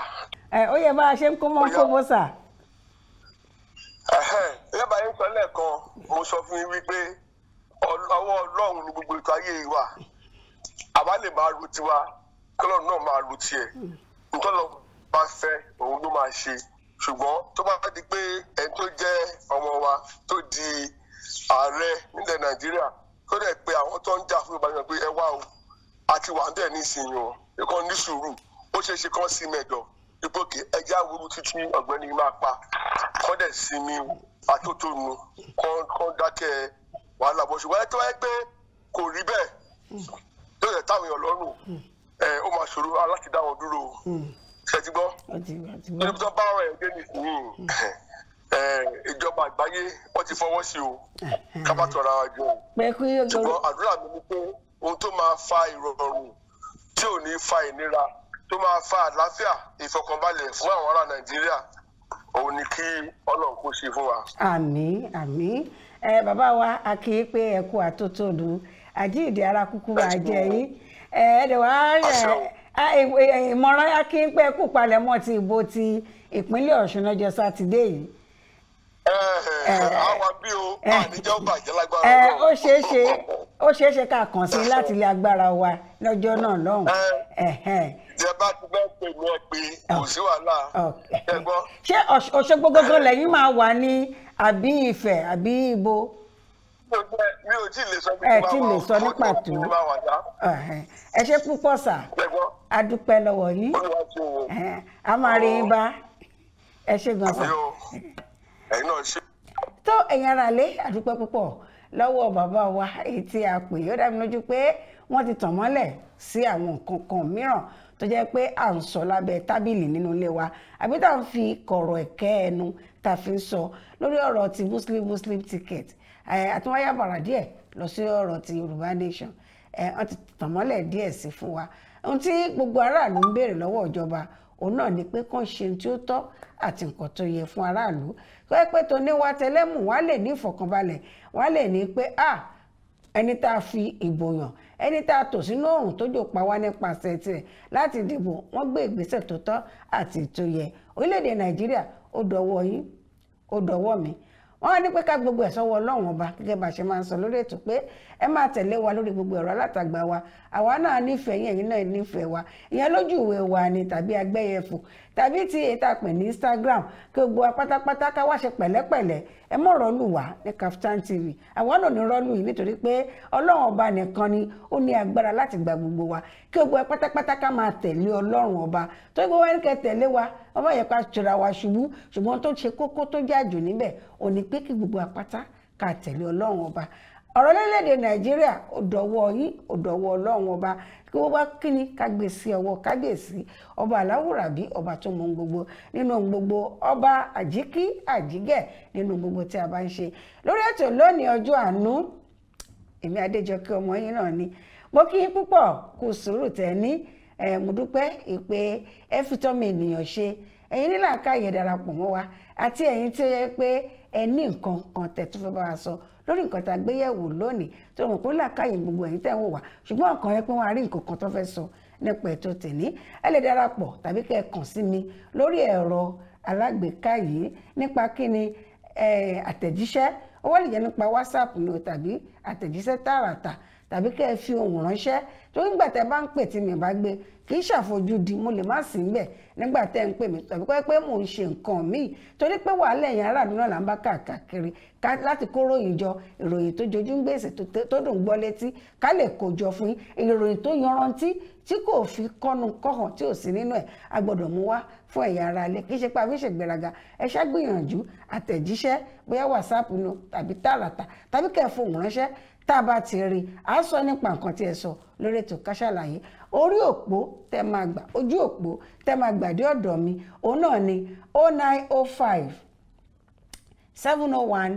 ẹ ó yẹ bá a ṣe ń kó mọ́ fowó sà. yẹ́bà yín sọ lẹ́ẹ̀kan mo sọ fún yín wípé ọwọ́ ọlọ́run ni gbogbo ètò ayé wa àwa lè máa ro tiwa kọ́lọ́run náà máa ro tiẹ̀ hmm. nítorí ọba fẹ́ òun ló máa ṣe. ṣùgbọ́n tó bá di pé ẹni tó jẹ́ ọmọ wa tó di ààrẹ nílẹ̀ nàìjíríà tó dẹ̀ pé àwọn tó ń jà fún ìbáṣepọ̀ pé ẹ wá o àti wà ń bẹ̀ nísìnyí o ikọ̀ ní sùúrù ó é ṣe kán sí mẹ́jọ títí ọ̀gbẹ́ni máa pa dẹ̀ sinmi kán dákẹ́ wàhálà ṣùgbọ́n ẹ tó wáyé pé kò rí bẹ́ẹ̀ tó yẹ táwọn èèyàn ṣètì gbọ́ níbi tó bá ọ̀rọ̀ ẹ̀ hmm. ìjọba àgbáyé wọ́n ti fọwọ́ sí o hmm. kábàtọ̀ra àjọ ṣùgbọ́n àdúrà mi ni pé ohun tó máa fa ìrọ̀rùn tí ò ní fa ìnira tó máa fa àlàáfíà ìfọkànbalẹ̀ fún àwọn ará nàìjíríà òun ni kí ọlọ́run kó ṣe fún wa. àmín àmín ẹ bàbá wa a kì í pé ẹ kú àtótónu àjíǹde ara kúkú máa jẹ yín ẹ ẹ dẹ̀ wá rẹ̀. E, e, e, ìmọ̀ràn Akínpé kú palẹ̀mọ́ ti ìbò ti ìpínlẹ̀ Ọ̀ṣun lọ́jọ́ sátidé yìí àwa bí o àníjẹ́ ó bàjẹ́ lágbára wa. ó ṣeé ṣe ó ṣeé ṣe ká kàn sí láti ilé agbára wa lọ́jọ́ náà lọ́hùn. ìjẹ bá ti bá pè mí ẹ pé kò sí wàhálà ẹgbọ́. ṣé Òṣogbo gangan lẹ́yìn máa wà ní àbí Ifẹ̀ àbí Ìbò. mi ò tí ì lè sọ nípa wọn ẹ tí ì lè sọ ní ẹ ṣé púpọ̀ sà. ẹ a dúpẹ́ lọ́wọ́ yín a máa rí yín bá ẹ ṣe gan sa. tó ẹ̀yin ara lé a dúpẹ́ púpọ̀ lọ́wọ́ bàbá wa èyí tí a pè yóò dá mi lójú pé wọ́n ti tàn mọ́lẹ̀ sí àwọn nǹkan kan mìíràn tó jẹ́ pé à ń sọ lábẹ́ tábìlì nínú ilé wa àbí tá à ń fi kọ̀rọ̀ ẹ̀kẹ́ ẹnu tá a fi ń sọ lórí ọ̀rọ̀ ti muslim muslim ticket àtúnwáyà bàrà díẹ̀ lọ sí ọ̀rọ̀ ti yorùbá nation wọ́n ti tàn mọ́lẹ̀ díẹ̀ sí fún wa ohun tí gbogbo aráàlú ń béèrè lọ́wọ́ ìjọba òun náà ni pé kàn ṣe ohun tí ó tọ́ àti nǹkan tó yẹ fún aráàlú kó yẹ pé tó ní wá tẹlẹ́mù wá lè ní ìfọ̀kànbalẹ̀ wá lè ní pé ah ẹni tá a fi ìbò yàn ẹni tá a tò sínú òrùn tó jò pa wá nípasẹ̀ tiẹ̀ láti dìbò wọ́n gbé ìgbésẹ̀ tó tọ́ àti tó yẹ orílẹ̀-èdè nàìjíríà ó dọwọ́ yín ó dọwọ́ mi wọ́n ní pé ká gbogbo ẹ̀ sọ́wọ́ ọlọ́run ọba gẹ́gẹ́ bá a ṣe máa ń sọ lórí ètò pé ẹ máa tẹ̀lé wa lórí gbogbo ẹ̀rọ alátagbà wa àwa náà nífẹ̀ẹ́ yẹn ẹ̀yin náà nífẹ̀ẹ́ wa ìyẹn lójú ìwé wa ni tàbí agbẹ́yẹ̀fò tàbí ti ètò àpè ní Instagram kí gbogbo wa pátápátá ká wá ṣe pẹ̀lẹ́pẹ̀lẹ́ ẹ mọ̀ rọ́lù wá ní Kaftan TV àwa náà ní rọ́lù yìí nítorí pé Ọlọ́run ọba nìkan ni ó ní agbára láti gba gbogbo wa kí gbogbo wa ká máa tẹ̀lé Ọlọ́run ọba tó gbogbo wa ní kẹ́ tẹ̀lé wa ọba yẹn ká tura wa ṣubú ṣùgbọ́n tó ṣe kókó tó jájú níbẹ̀ òní pé kí gbogbo wa pátá ká tẹ̀lé Ọlọ́run ọba ọ̀rọ̀ lórílẹ̀‐èdè nàìjíríà ò dọ̀wọ́ yín ò dọ̀wọ́ ọlọ́run ọba kí wọ́n bá kíni ká gbé sí ọwọ́ kábíyèsí ọba aláwùrábí ọba tó mọ gbogbo nínú gbogbo ọba àjíkí àjígẹ̀ nínú gbogbo tí a bá ń ṣe lórí ètò lónìí ọjọ́ àánú èmi adéjọkẹ́ ọmọ yín náà ni mo kí yín púpọ̀ kú sùúrù tẹ̀ mo dúpẹ́ ìpè ẹ fi tọ́ mi ènìyàn ṣe ẹ̀yin nílà káyè darapọ̀ mọ́ wa àti ẹ̀yin tí ó yẹ pé ẹ ní nǹkan kan tẹ̀ tó fẹ́ bá wa sọ so lórí nǹkan tá a gbé yẹ̀wò lónìí tó mọ̀ pé làákàyè gbogbo ẹ̀yin tẹ̀ ń wò wá ṣùgbọ́n ọkàn rẹ pé wọ́n á rí nǹkan kan tó fẹ́ sọ nípa ètò tèní ẹ lè darapọ̀ tàbí kẹ́ ẹ kàn sí mi lórí ẹ̀rọ alágbèéká yìí nípa kí ni àtẹ̀jíṣẹ́ ó wá lè jẹ́ nípa whatsapp ni o tàbí àtẹ̀jíṣẹ́ tààràtà tàbí kẹ́ ẹ fi ohùn ránṣẹ́ torí nígbà tẹ́ bá ń pè tí mi bá gbé kì í ṣàfojúdi mo lè má sí níbẹ̀ nígbà tẹ́ ń pè mí tàbí pé mò ń ṣe nǹkan míì torí pé wàhálà ẹ̀yìn aráàlú náà là ń bá káàkiri láti kó ròyìn jọ ìròyìn tó jojú ń gbèsè tó dùn gbọ́ létí ká lè kó jọ fún ìròyìn tó yanrantí tí kò fi kọ́nu kọ́hàn tí ò sí nínú ẹ̀ a gbọ́dọ̀ mú wá fún ẹ̀yà ara ilé kì í ṣe pé àfi ṣègbéraga ẹ ṣá gbìyànjú àtẹ̀jíṣẹ́ bóyá wàsáàpù nù tàbí tààràtà tàbí kẹ́ ẹ fohùn ránṣẹ́ tá a bá ti rí a sọ nípa nǹkan tí ẹ sọ lórí ètò Ká Sálàyé orí òpó tẹ máa gbà ojú òpó tẹ máa gbà ọ̀dọ̀ mi òun náà ni oh nine o oh five seven o oh one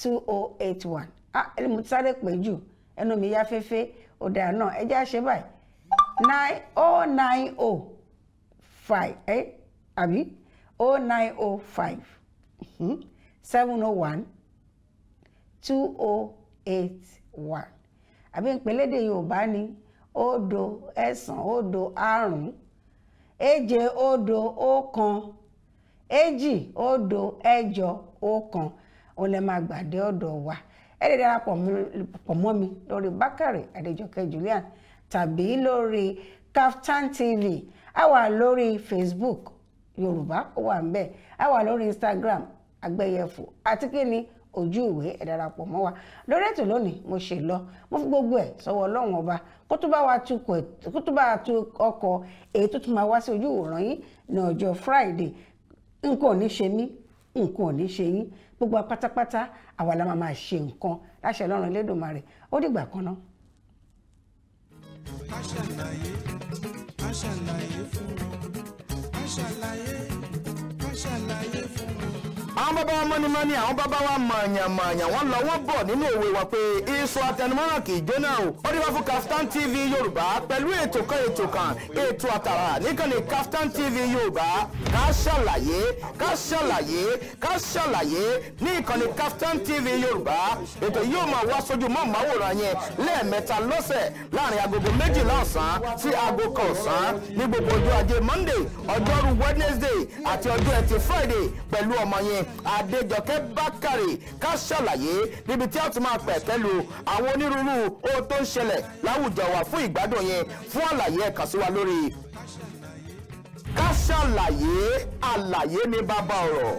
two o oh eight one ah ẹni mo ti sáré pè jù ẹnu mi yá fẹ́fẹ́ ọ̀dà náà ẹ jẹ́ àṣẹ báyìí nine o nine o five ẹ àbí oh nine o five mhm, seven o one two o eight wà àbí ìpínlẹ̀dè yorùbá ni òdo ẹ̀sán òdo àrún èje òdo ọ̀kan èjì òdo ẹ̀jọ ọ̀kan òun lè máa gbàdé ọ̀dọ̀ wa ẹ lè darapọ̀ mọ́ mi lórí bákàrẹ̀ adéjọkẹ́ julian tàbí lórí Kaftan TV a wà lórí Facebook yorùbá ó wà ń bẹ̀ a wà lórí Instagram àgbẹ̀yẹ̀fọ́ àti kí ni ojú ìwé ẹ darapọ̀ mọ́ wa lórí ètò lónìí mo ṣe lọ mo fi gbogbo ẹ̀ sọ́wọ́ ọlọ́run ọba kó tó bá tu ọkọ̀ èyí tó tún máa wá sí ojú yín ní ọjọ́ Friday nǹkan ò ní ṣe mí nǹkan ní ṣe yín gbogbo àwa la máa ṣe nǹkan láṣẹ ọlọ́run ó dìgbà àwọn bàbá wa mọ́nímọ́ní àwọn bàbá wa mọ̀nyàmọ̀nyà wọ́n lọ wọ́n bọ̀ nínú òwe wa pé iṣu àtẹnumọ́ràn kì í jóná o. ó dé wá fún Kaftan TV Yorùbá pẹ̀lú ètò kan ètò kan ètò àtàrà níkànnì Kaftan TV Yorùbá ká ṣàlàyé ká ṣàlàyé ká ṣàlàyé ní ìkànnì Kaftan TV Yorùbá ètò yóò máa wá sójú mọ́ màwòrán yẹn lẹ́ẹ̀mẹ́ta lọ́sẹ̀ láàrin agogo méjìlá ọ̀sán sí aago kan ọ̀sán ní gbogbo ọjọ́ ajé Monday ọjọ́rú Wednesday àti ọjọ́ ẹtì Friday pẹ̀lú ọmọ yẹn Adéjọkẹ́ Bákàrè ká ṣàlàyé níbi tí a ti máa pẹ̀ pẹ́lú àwọn onírúurú ohun tó ń ṣẹlẹ̀ láwùjọ wa fún ìgbádùn yẹn fún àlàyé ẹ sí wa lórí ká ṣàlàyé àlàyé ní bàbá ọ̀rọ̀.